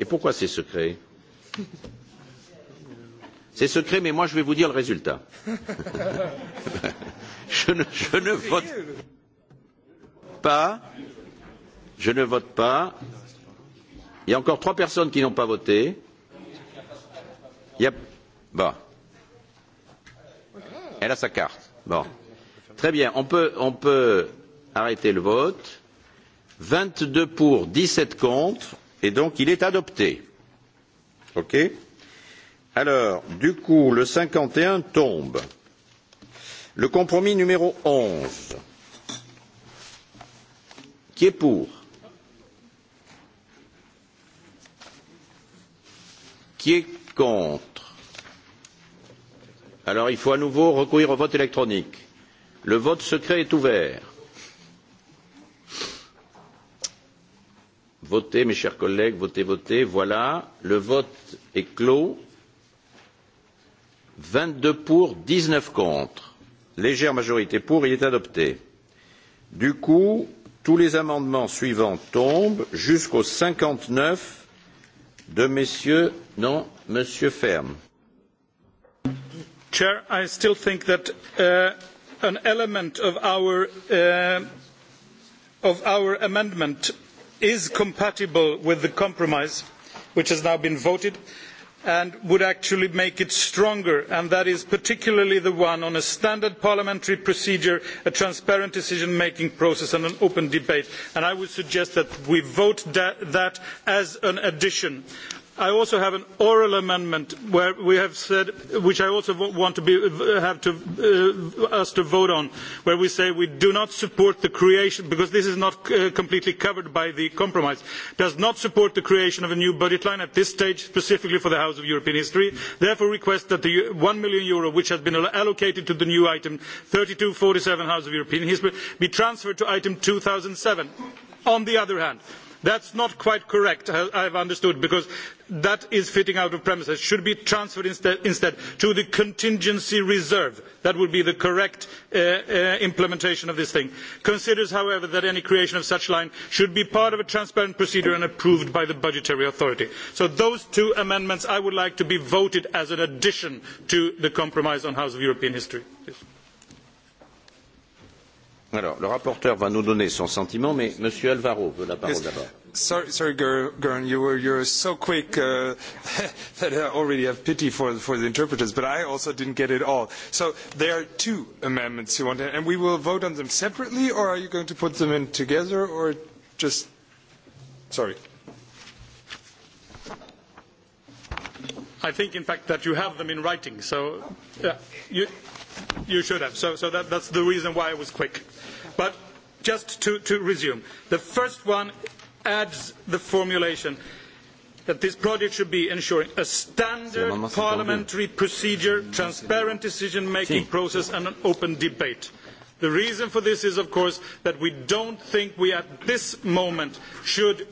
Speaker 1: Et pourquoi c'est secret C'est secret, mais moi je vais vous dire le résultat. [laughs] [laughs] je, ne, je ne vote pas. Je ne vote pas. Il y a encore trois personnes qui n'ont pas voté. Il y a... Bon. Elle a sa carte. Bon. Très bien. On peut, on peut arrêter le vote. 22 pour, 17 contre. Et donc, il est adopté. OK Alors, du coup, le 51 tombe. Le compromis numéro 11. Qui est pour Qui est contre Alors il faut à nouveau recourir au vote électronique. Le vote secret est ouvert. Votez, mes chers collègues, votez, votez. Voilà, le vote est clos. 22 pour, 19 contre. Légère majorité pour, il est adopté. Du coup, tous les amendements suivants tombent jusqu'au 59 Deux messieurs, non, Monsieur Ferme.
Speaker 3: Chair, I still think that uh, an element of our, uh, of our amendment is compatible with the compromise which has now been voted and would actually make it stronger and that is particularly the one on a standard parliamentary procedure a transparent decision making process and an open debate and i would suggest that we vote that as an addition. I also have an oral amendment where we have said, which I also want to be, have to, uh, us to vote on, where we say we do not support the creation, because this is not uh, completely covered by the compromise, does not support the creation of a new budget line at this stage, specifically for the House of European History, therefore request that the one million euro which has been allocated to the new item thirty two forty seven House of European History be transferred to item two thousand seven. On the other hand, That is not quite correct, I have understood, because that is fitting out of premises, should be transferred instead, instead to the contingency reserve. That would be the correct uh, uh, implementation of this thing. Considers, however, that any creation of such line should be part of a transparent procedure and approved by the budgetary authority. So those two amendments I would like to be voted as an addition to the compromise on House of European History. Please.
Speaker 1: Alors, le rapporteur va nous donner son sentiment, mais M. Alvaro veut la parole d'abord.
Speaker 4: Sorry, sorry Gern, you were you're so quick uh, [laughs] that I already have pity for, for the interpreters, but I also didn't get it all. So there are two amendments you want, and we will vote on them separately, or are you going to put them in together, or just... Sorry.
Speaker 3: I think, in fact, that you have them in writing, so... Yeah, you, you should have. So, so that, that's the reason why I was quick. But just to, to resume, the first one adds the formulation that this project should be ensuring a standard parliamentary procedure, transparent decision-making process and an open debate. The reason for this is, of course, that we do not think we at this moment should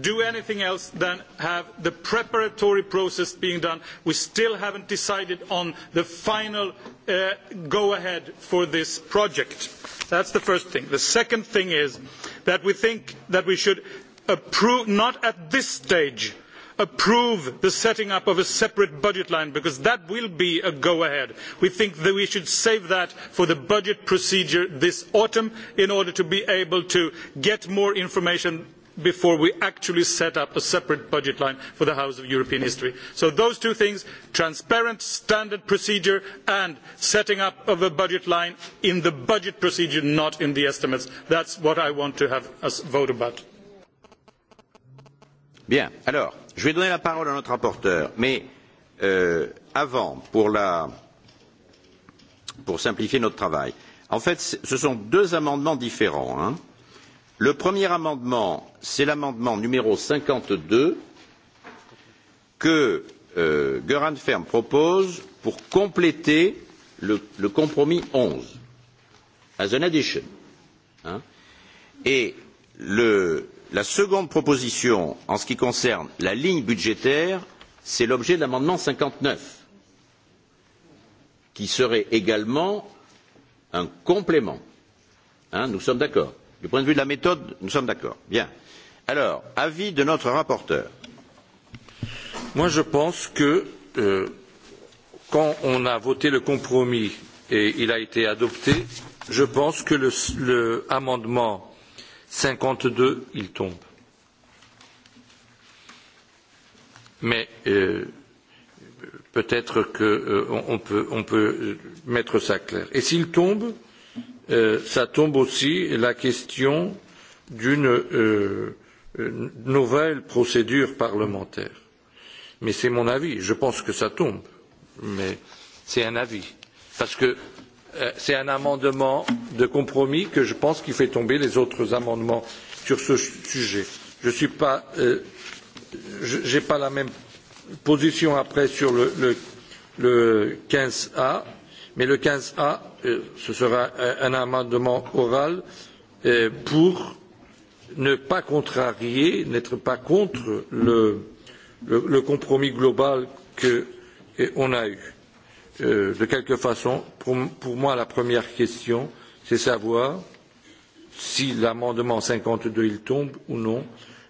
Speaker 3: do anything else than have the preparatory process being done. We still have not decided on the final uh, go-ahead for this project that is the first thing. The second thing is that we think that we should approve, not at this stage, approve the setting up of a separate budget line because that will be a go ahead. We think that we should save that for the budget procedure this autumn in order to be able to get more information before we actually set up a separate budget line for the House of European History. So those two things, transparent standard procedure and setting up of a budget line in the budget procedure, not in the estimates. That's what I want to have us vote about.
Speaker 1: Bien, alors, je vais donner la parole à notre rapporteur, mais euh, avant, pour, la, pour simplifier notre travail, en fait, ce sont deux amendements différents. Hein. Le premier amendement, c'est l'amendement numéro cinquante deux que euh, Göran Ferm propose pour compléter le, le compromis onze as an addition. Hein Et le, la seconde proposition en ce qui concerne la ligne budgétaire, c'est l'objet de l'amendement cinquante neuf, qui serait également un complément. Hein, nous sommes d'accord. Du point de vue de la méthode, nous sommes d'accord. Bien. Alors, avis de notre rapporteur.
Speaker 2: Moi, je pense que euh, quand on a voté le compromis et il a été adopté, je pense que l'amendement cinquante deux il tombe. Mais euh, peut-être qu'on euh, peut, on peut mettre ça clair. Et s'il tombe, Euh, ça tombe aussi la question d'une euh, euh, nouvelle procédure parlementaire. Mais c'est mon avis. Je pense que ça tombe. Mais c'est un avis. Parce que euh, c'est un amendement de compromis que je pense qui fait tomber les autres amendements sur ce sujet. Je suis pas, euh, j'ai pas la même position après sur le, le, le 15A, mais le 15A Euh, ce sera un amendement oral euh, pour ne pas contrarier, n'être pas contre le, le, le compromis global que euh, on a eu. de quelque façon, pour, pour moi, la première question, c'est savoir si l'amendement cinquante deux il tombe ou non.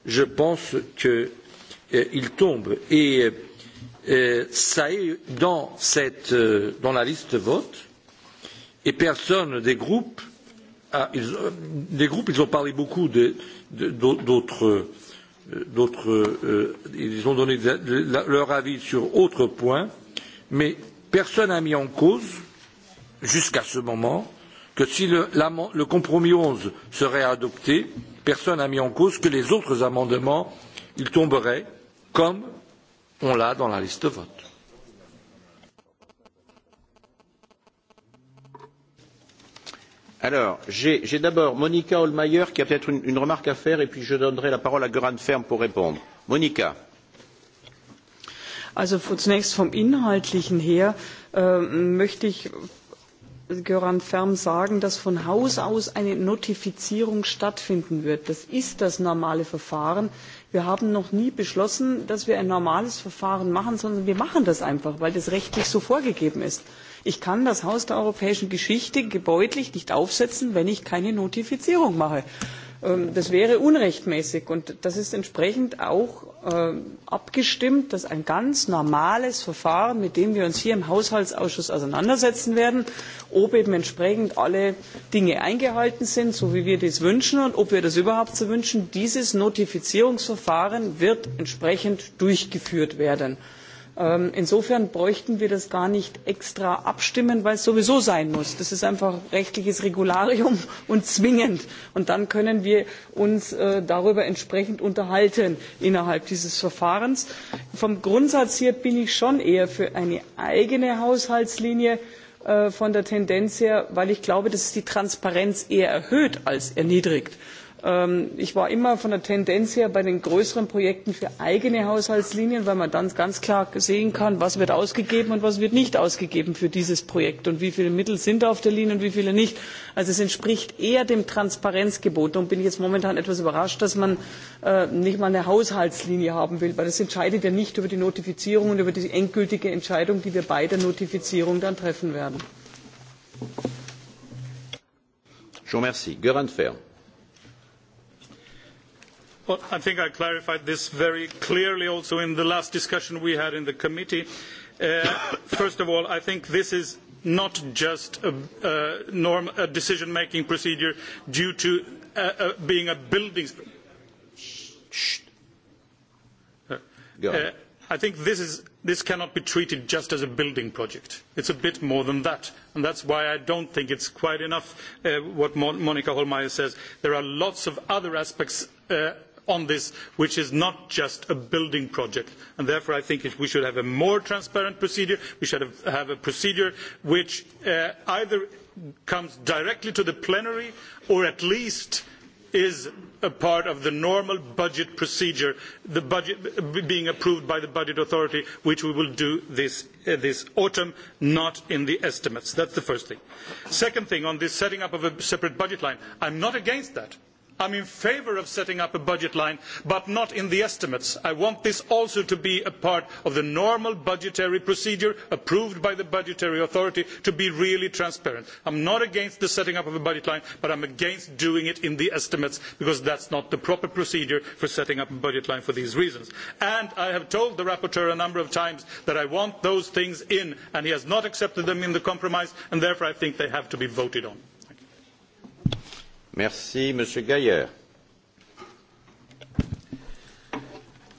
Speaker 2: Je pense qu'il tombe et cela ça est dans, cette, dans la liste de vote et personne des groupes, ah, ils, des groupes, ils ont parlé beaucoup euh, d'autres, euh, ils ont donné de, de, de, leur avis sur autres points, mais personne n'a mis en cause, jusqu'à ce moment, que si le, la, le compromis onze serait adopté, personne n'a mis en cause que les autres amendements, ils tomberaient comme on l'a dans la
Speaker 1: liste de vote. Alors, j'ai d'abord Monica Holmeyer qui a peut-être une, une remarque à faire et puis je donnerai la parole à Göran Ferm pour répondre. Monika.
Speaker 8: Also zunächst vom Inhaltlichen her euh, möchte ich Göran Färm sagen, dass von Haus aus eine Notifizierung stattfinden wird. Das ist das normale Verfahren. Wir haben noch nie beschlossen, dass wir ein normales Verfahren machen, sondern wir machen das einfach, weil das rechtlich so vorgegeben ist. Ich kann das Haus der europäischen Geschichte gebäudlich nicht aufsetzen, wenn ich keine Notifizierung mache. Ähm, das wäre unrechtmäßig und das ist entsprechend auch ähm, abgestimmt, dass ein ganz normales Verfahren, mit dem wir uns hier im Haushaltsausschuss auseinandersetzen werden, ob eben entsprechend alle Dinge eingehalten sind, so wie wir dies wünschen und ob wir das überhaupt so wünschen, dieses Notifizierungsverfahren wird entsprechend durchgeführt werden. Ähm, insofern bräuchten wir das gar nicht extra abstimmen, weil es sowieso sein muss. Das ist einfach rechtliches Regularium [laughs] und zwingend. Und dann können wir uns äh, darüber entsprechend unterhalten innerhalb dieses Verfahrens. Vom Grundsatz her bin ich schon eher für eine eigene Haushaltslinie äh, von der Tendenz her, weil ich glaube, dass es die Transparenz eher erhöht als erniedrigt. Ähm, ich war immer von der Tendenz her bei den größeren Projekten für eigene Haushaltslinien, weil man dann ganz klar sehen kann, was wird ausgegeben und was wird nicht ausgegeben für dieses Projekt und wie viele Mittel sind auf der Linie und wie viele nicht. Also es entspricht eher dem Transparenzgebot. Und bin ich jetzt momentan etwas überrascht, dass man äh, nicht mal eine Haushaltslinie haben will, weil das entscheidet ja nicht über die Notifizierung und über die endgültige Entscheidung, die wir bei der Notifizierung dann treffen werden.
Speaker 3: Well, I think I clarified this very clearly also in the last discussion we had in the committee. Uh, first of all, I think this is not just a, a, norm, a decision making procedure due to uh, uh, being a building. Uh, I think this, is, this cannot be treated just as a building project. It is a bit more than that. And that is why I do not think it is quite enough uh, what Mon Monica Holmeyer says. There are lots of other aspects uh, on this which is not just a building project and therefore I think we should have a more transparent procedure we should have a procedure which uh, either comes directly to the plenary or at least is a part of the normal budget procedure, the budget being approved by the budget authority, which we will do this, uh, this autumn, not in the estimates. That is the first thing. Second thing, on the setting up of a separate budget line, I am not against that. I am in favour of setting up a budget line, but not in the estimates. I want this also to be a part of the normal budgetary procedure approved by the budgetary authority to be really transparent. I am not against the setting up of a budget line, but I am against doing it in the estimates because that is not the proper procedure for setting up a budget line for these reasons. And I have told the rapporteur a number of times that I want those things in, and he has not accepted them in the compromise, and therefore I think they have to be voted on.
Speaker 1: Merci, Monsieur Gaillard.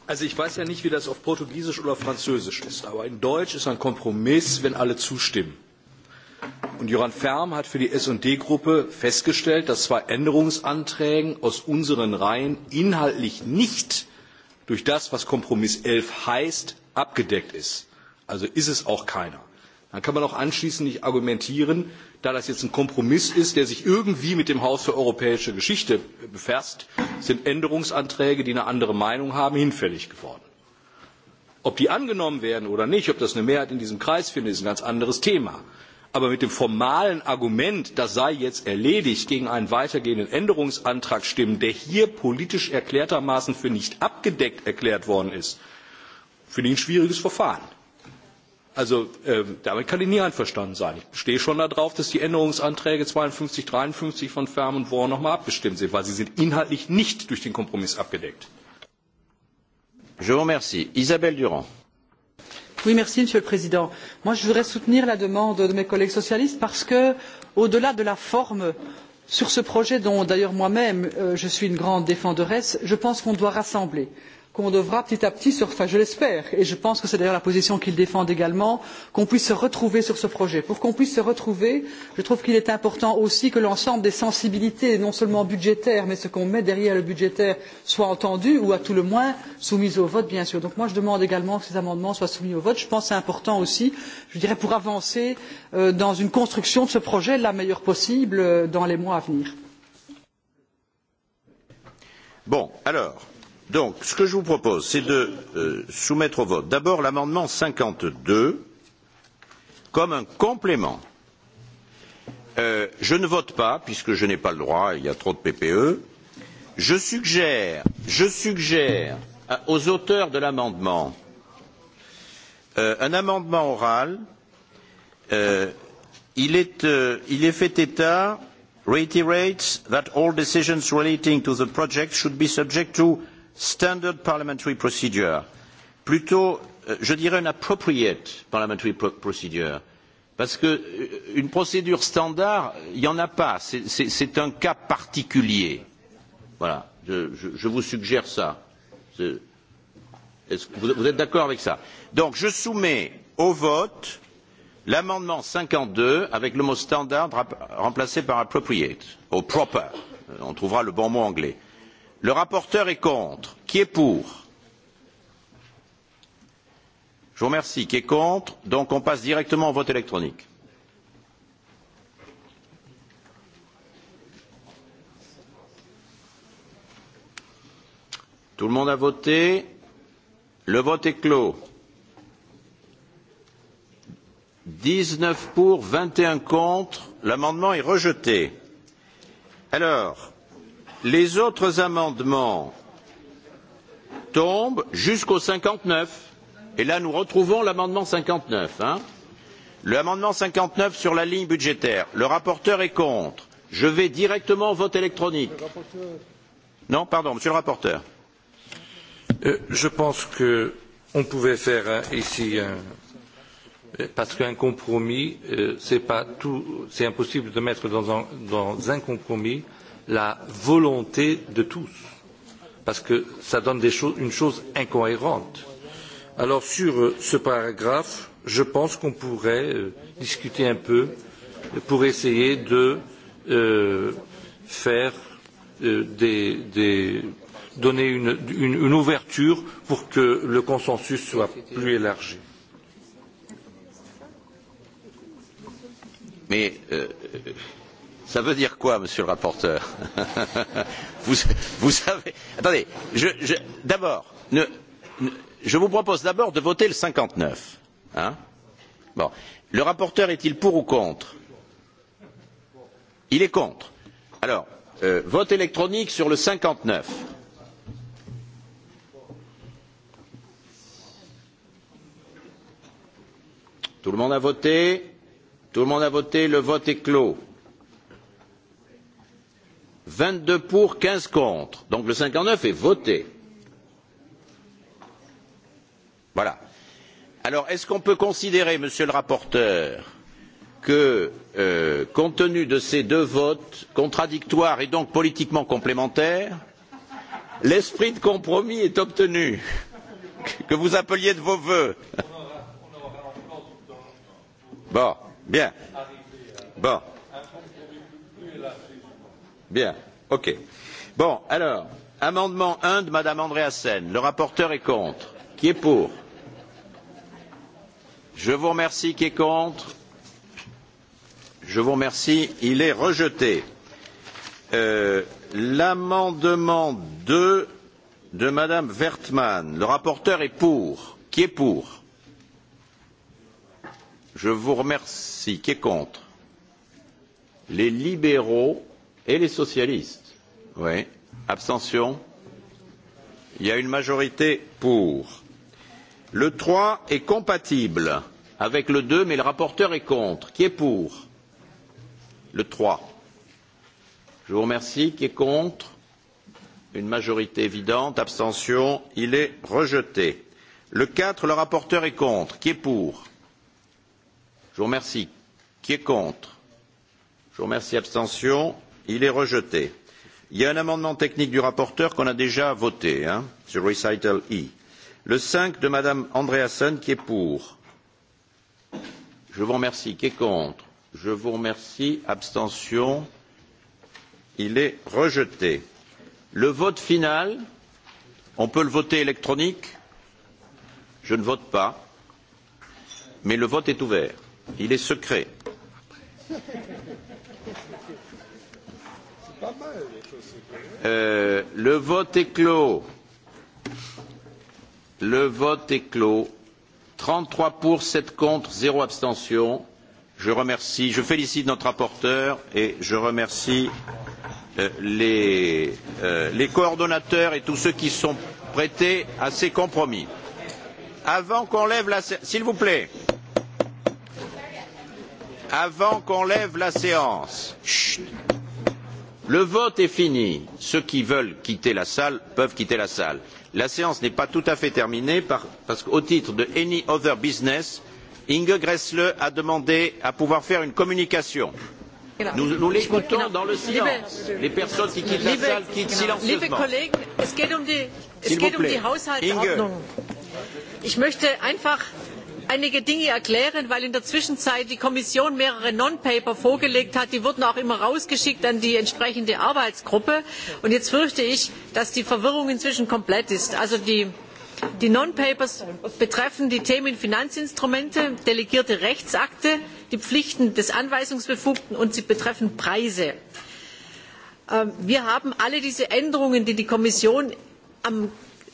Speaker 7: Also ich weiß ja nicht, wie das auf Portugiesisch oder Französisch ist, aber in Deutsch ist ein Kompromiss, wenn alle zustimmen. Und Joran Ferm hat für die S&D-Gruppe festgestellt, dass zwei Änderungsanträgen aus unseren Reihen inhaltlich nicht durch das, was Kompromiss elf heißt, abgedeckt ist. Also ist es auch keiner. Dann kann man auch anschließend nicht argumentieren, da das jetzt ein Kompromiss ist, der sich irgendwie mit dem Haus für europäische Geschichte befasst, sind Änderungsanträge, die eine andere Meinung haben, hinfällig geworden. Ob die angenommen werden oder nicht, ob das eine Mehrheit in diesem Kreis findet, ist ein ganz anderes Thema. Aber mit dem formalen Argument, das sei jetzt erledigt, gegen einen weitergehenden Änderungsantrag stimmen, der hier politisch erklärtermaßen für nicht abgedeckt erklärt worden ist, finde ich ein schwieriges Verfahren. Also ähm, damit kann ich nie einverstanden sein. Ich bestehe schon darauf, dass die Änderungsanträge 52, 53 von Ferm und Warren nochmal abgestimmt sind, weil sie sind inhaltlich nicht durch den
Speaker 1: Kompromiss abgedeckt. Je vous remercie. Isabelle Durand.
Speaker 6: Oui, merci, Monsieur le Président. Moi, je voudrais soutenir la demande de mes collègues socialistes parce que, au-delà de la forme, sur ce projet dont d'ailleurs moi-même euh, je suis une grande défenderesse, je pense qu'on doit rassembler qu'on devra petit à petit, se, enfin je l'espère, et je pense que c'est d'ailleurs la position qu'ils défendent également, qu'on puisse se retrouver sur ce projet. Pour qu'on puisse se retrouver, je trouve qu'il est important aussi que l'ensemble des sensibilités, non seulement budgétaires, mais ce qu'on met derrière le budgétaire, soit entendu ou à tout le moins soumis au vote, bien sûr. Donc moi je demande également que ces amendements soient soumis au vote. Je pense que c'est important aussi, je dirais, pour avancer euh, dans une construction de ce projet la meilleure possible euh, dans les mois à venir.
Speaker 1: Bon, alors, Donc, ce que je vous propose, c'est de euh, soumettre au vote d'abord l'amendement cinquante deux comme un complément. Euh, je ne vote pas, puisque je n'ai pas le droit, il y a trop de PPE. Je suggère, je suggère aux auteurs de l'amendement euh, un amendement oral. Euh, il est, euh, il est fait état reiterates that all decisions relating to the project should be subject to standard parliamentary procedure, plutôt, euh, je dirais, une appropriate parliamentary procedure, parce qu'une euh, procédure standard, il n'y en a pas, c'est un cas particulier. Voilà, je, je, je vous suggère ça. Est, est vous, vous êtes d'accord avec ça Donc, je soumets au vote l'amendement cinquante deux avec le mot standard remplacé par appropriate, ou proper. Euh, on trouvera le bon mot anglais. Le rapporteur est contre. Qui est pour Je vous remercie. Qui est contre Donc on passe directement au vote électronique. Tout le monde a voté. Le vote est clos. 19 pour, 21 contre. L'amendement est rejeté. Alors, Les autres amendements tombent jusqu'au cinquante neuf, Et là, nous retrouvons l'amendement cinquante neuf. L'amendement cinquante neuf sur la ligne budgétaire. Le rapporteur est contre. Je vais directement au vote électronique. Non, pardon, monsieur le rapporteur. Euh, je pense qu'on pouvait faire ici
Speaker 2: un, parce qu'un compromis, euh, c'est impossible de mettre dans un, dans un compromis la volonté de tous, parce que cela donne des choses, une chose incohérente. Alors sur euh, ce paragraphe, je pense qu'on pourrait euh, discuter un peu pour essayer de euh, faire euh, des, des, donner une, une, une ouverture pour que le consensus soit plus élargi.
Speaker 1: Mais euh, euh Ça veut dire quoi, monsieur le rapporteur [laughs] vous, vous savez. Attendez, je, je, d'abord, ne, ne, je vous propose d'abord de voter le 59. Hein bon. Le rapporteur est-il pour ou contre Il est contre. Alors, euh, vote électronique sur le 59. Tout le monde a voté Tout le monde a voté, le vote est clos vingt deux pour, quinze contre. Donc le cinquante neuf est voté. Voilà. Alors, est-ce qu'on peut considérer, monsieur le rapporteur, que, euh, compte tenu de ces deux votes contradictoires et donc politiquement complémentaires, l'esprit de compromis est obtenu, que vous appeliez de vos vœux Bon, bien. Bon. Bien, ok. Bon, alors, amendement 1 de Madame Andréasen. Le rapporteur est contre. Qui est pour Je vous remercie. Qui est contre Je vous remercie. Il est rejeté. Euh, L'amendement 2 de Madame Wertmann. Le rapporteur est pour. Qui est pour Je vous remercie. Qui est contre Les libéraux Et les socialistes Oui. Abstention Il y a une majorité pour. Le 3 est compatible avec le 2, mais le rapporteur est contre. Qui est pour Le 3. Je vous remercie. Qui est contre Une majorité évidente. Abstention. Il est rejeté. Le 4, le rapporteur est contre. Qui est pour Je vous remercie. Qui est contre Je vous remercie. Abstention. Il est rejeté. Il y a un amendement technique du rapporteur qu'on a déjà voté hein, sur Recital E. Le cinq de Madame Andreasen qui est pour. Je vous remercie. Qui est contre Je vous remercie. Abstention. Il est rejeté. Le vote final, on peut le voter électronique Je ne vote pas. Mais le vote est ouvert. Il est secret. Euh, le vote est clos. Le vote est clos. 33 pour, 7 contre, 0 abstention. Je remercie, je félicite notre rapporteur et je remercie euh, les, euh, les coordonnateurs et tous ceux qui sont prêtés à ces compromis. Avant qu'on lève la séance, s'il vous plaît. Avant qu'on lève la séance. Chut. Le vote est fini. Ceux qui veulent quitter la salle peuvent quitter la salle. La séance n'est pas tout à fait terminée par, parce qu'au titre de Any Other Business, Inge Gressle a demandé à pouvoir faire une communication.
Speaker 9: Nous, nous l'écoutons dans le silence. Les personnes qui quittent la salle quittent silencieusement. Um S'il vous um plaît, Inge. Ich möchte einfach einige Dinge erklären, weil in der Zwischenzeit die Kommission mehrere Non-Paper vorgelegt hat. Die wurden auch immer rausgeschickt an die entsprechende Arbeitsgruppe. Und jetzt fürchte ich, dass die Verwirrung inzwischen komplett ist. Also die, die Non-Papers betreffen die Themen Finanzinstrumente, delegierte Rechtsakte, die Pflichten des Anweisungsbefugten und sie betreffen Preise. Ähm, wir haben alle diese Änderungen, die die Kommission am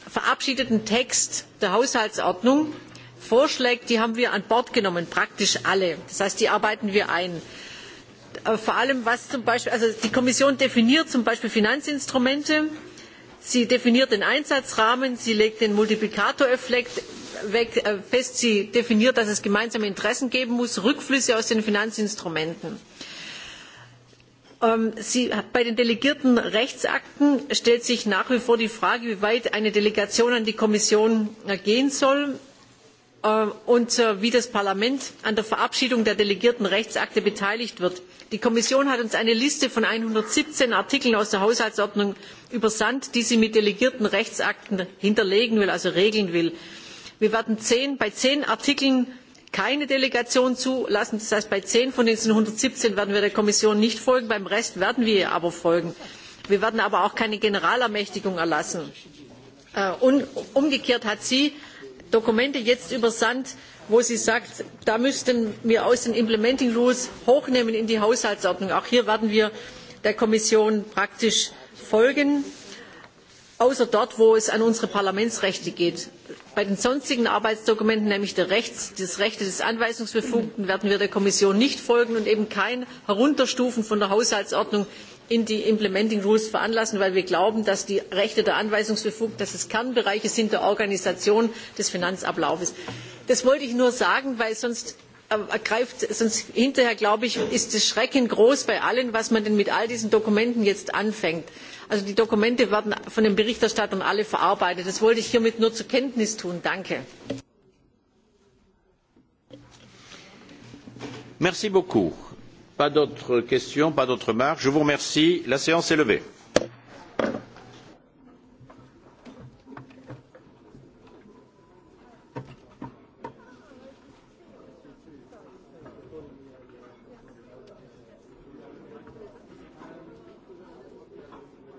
Speaker 9: verabschiedeten Text der Haushaltsordnung vorschlägt, die haben wir an Bord genommen, praktisch alle. Das heißt, die arbeiten wir ein. Äh, vor allem, was zum Beispiel, also die Kommission definiert zum Beispiel Finanzinstrumente, sie definiert den Einsatzrahmen, sie legt den Multiplikatoreffekt weg, äh, fest, sie definiert, dass es gemeinsame Interessen geben muss, Rückflüsse aus den Finanzinstrumenten. Ähm, sie, bei den delegierten Rechtsakten stellt sich nach wie vor die Frage, wie weit eine Delegation an die Kommission äh, gehen soll. Äh, und äh, wie das Parlament an der Verabschiedung der delegierten Rechtsakte beteiligt wird. Die Kommission hat uns eine Liste von 117 Artikeln aus der Haushaltsordnung übersandt, die sie mit delegierten Rechtsakten hinterlegen will, also regeln will. Wir werden zehn, bei zehn Artikeln keine Delegation zulassen. Das heißt, bei zehn von diesen 117 werden wir der Kommission nicht folgen, beim Rest werden wir ihr aber folgen. Wir werden aber auch keine Generalermächtigung erlassen. Äh, und umgekehrt hat sie Dokumente jetzt übersandt, wo sie sagt, da müssten wir aus den Implementing Rules hochnehmen in die Haushaltsordnung. Auch hier werden wir der Kommission praktisch folgen, außer dort, wo es an unsere Parlamentsrechte geht. Bei den sonstigen Arbeitsdokumenten, nämlich der Rechts, des Rechte des Anweisungsbefugten, werden wir der Kommission nicht folgen und eben kein Herunterstufen von der Haushaltsordnung in die Implementing Rules veranlassen, weil wir glauben, dass die Rechte der Anweisungsbefugnis Kernbereiche sind der Organisation des Finanzablaufes. Das wollte ich nur sagen, weil sonst ergreift, äh, sonst hinterher, glaube ich, ist das Schrecken groß bei allen, was man denn mit all diesen Dokumenten jetzt anfängt. Also die Dokumente werden von den Berichterstattern alle verarbeitet. Das wollte ich hiermit nur zur Kenntnis tun. Danke.
Speaker 1: Merci beaucoup. Pas d'autres questions, pas d'autres marques. Je vous remercie. La séance est levée.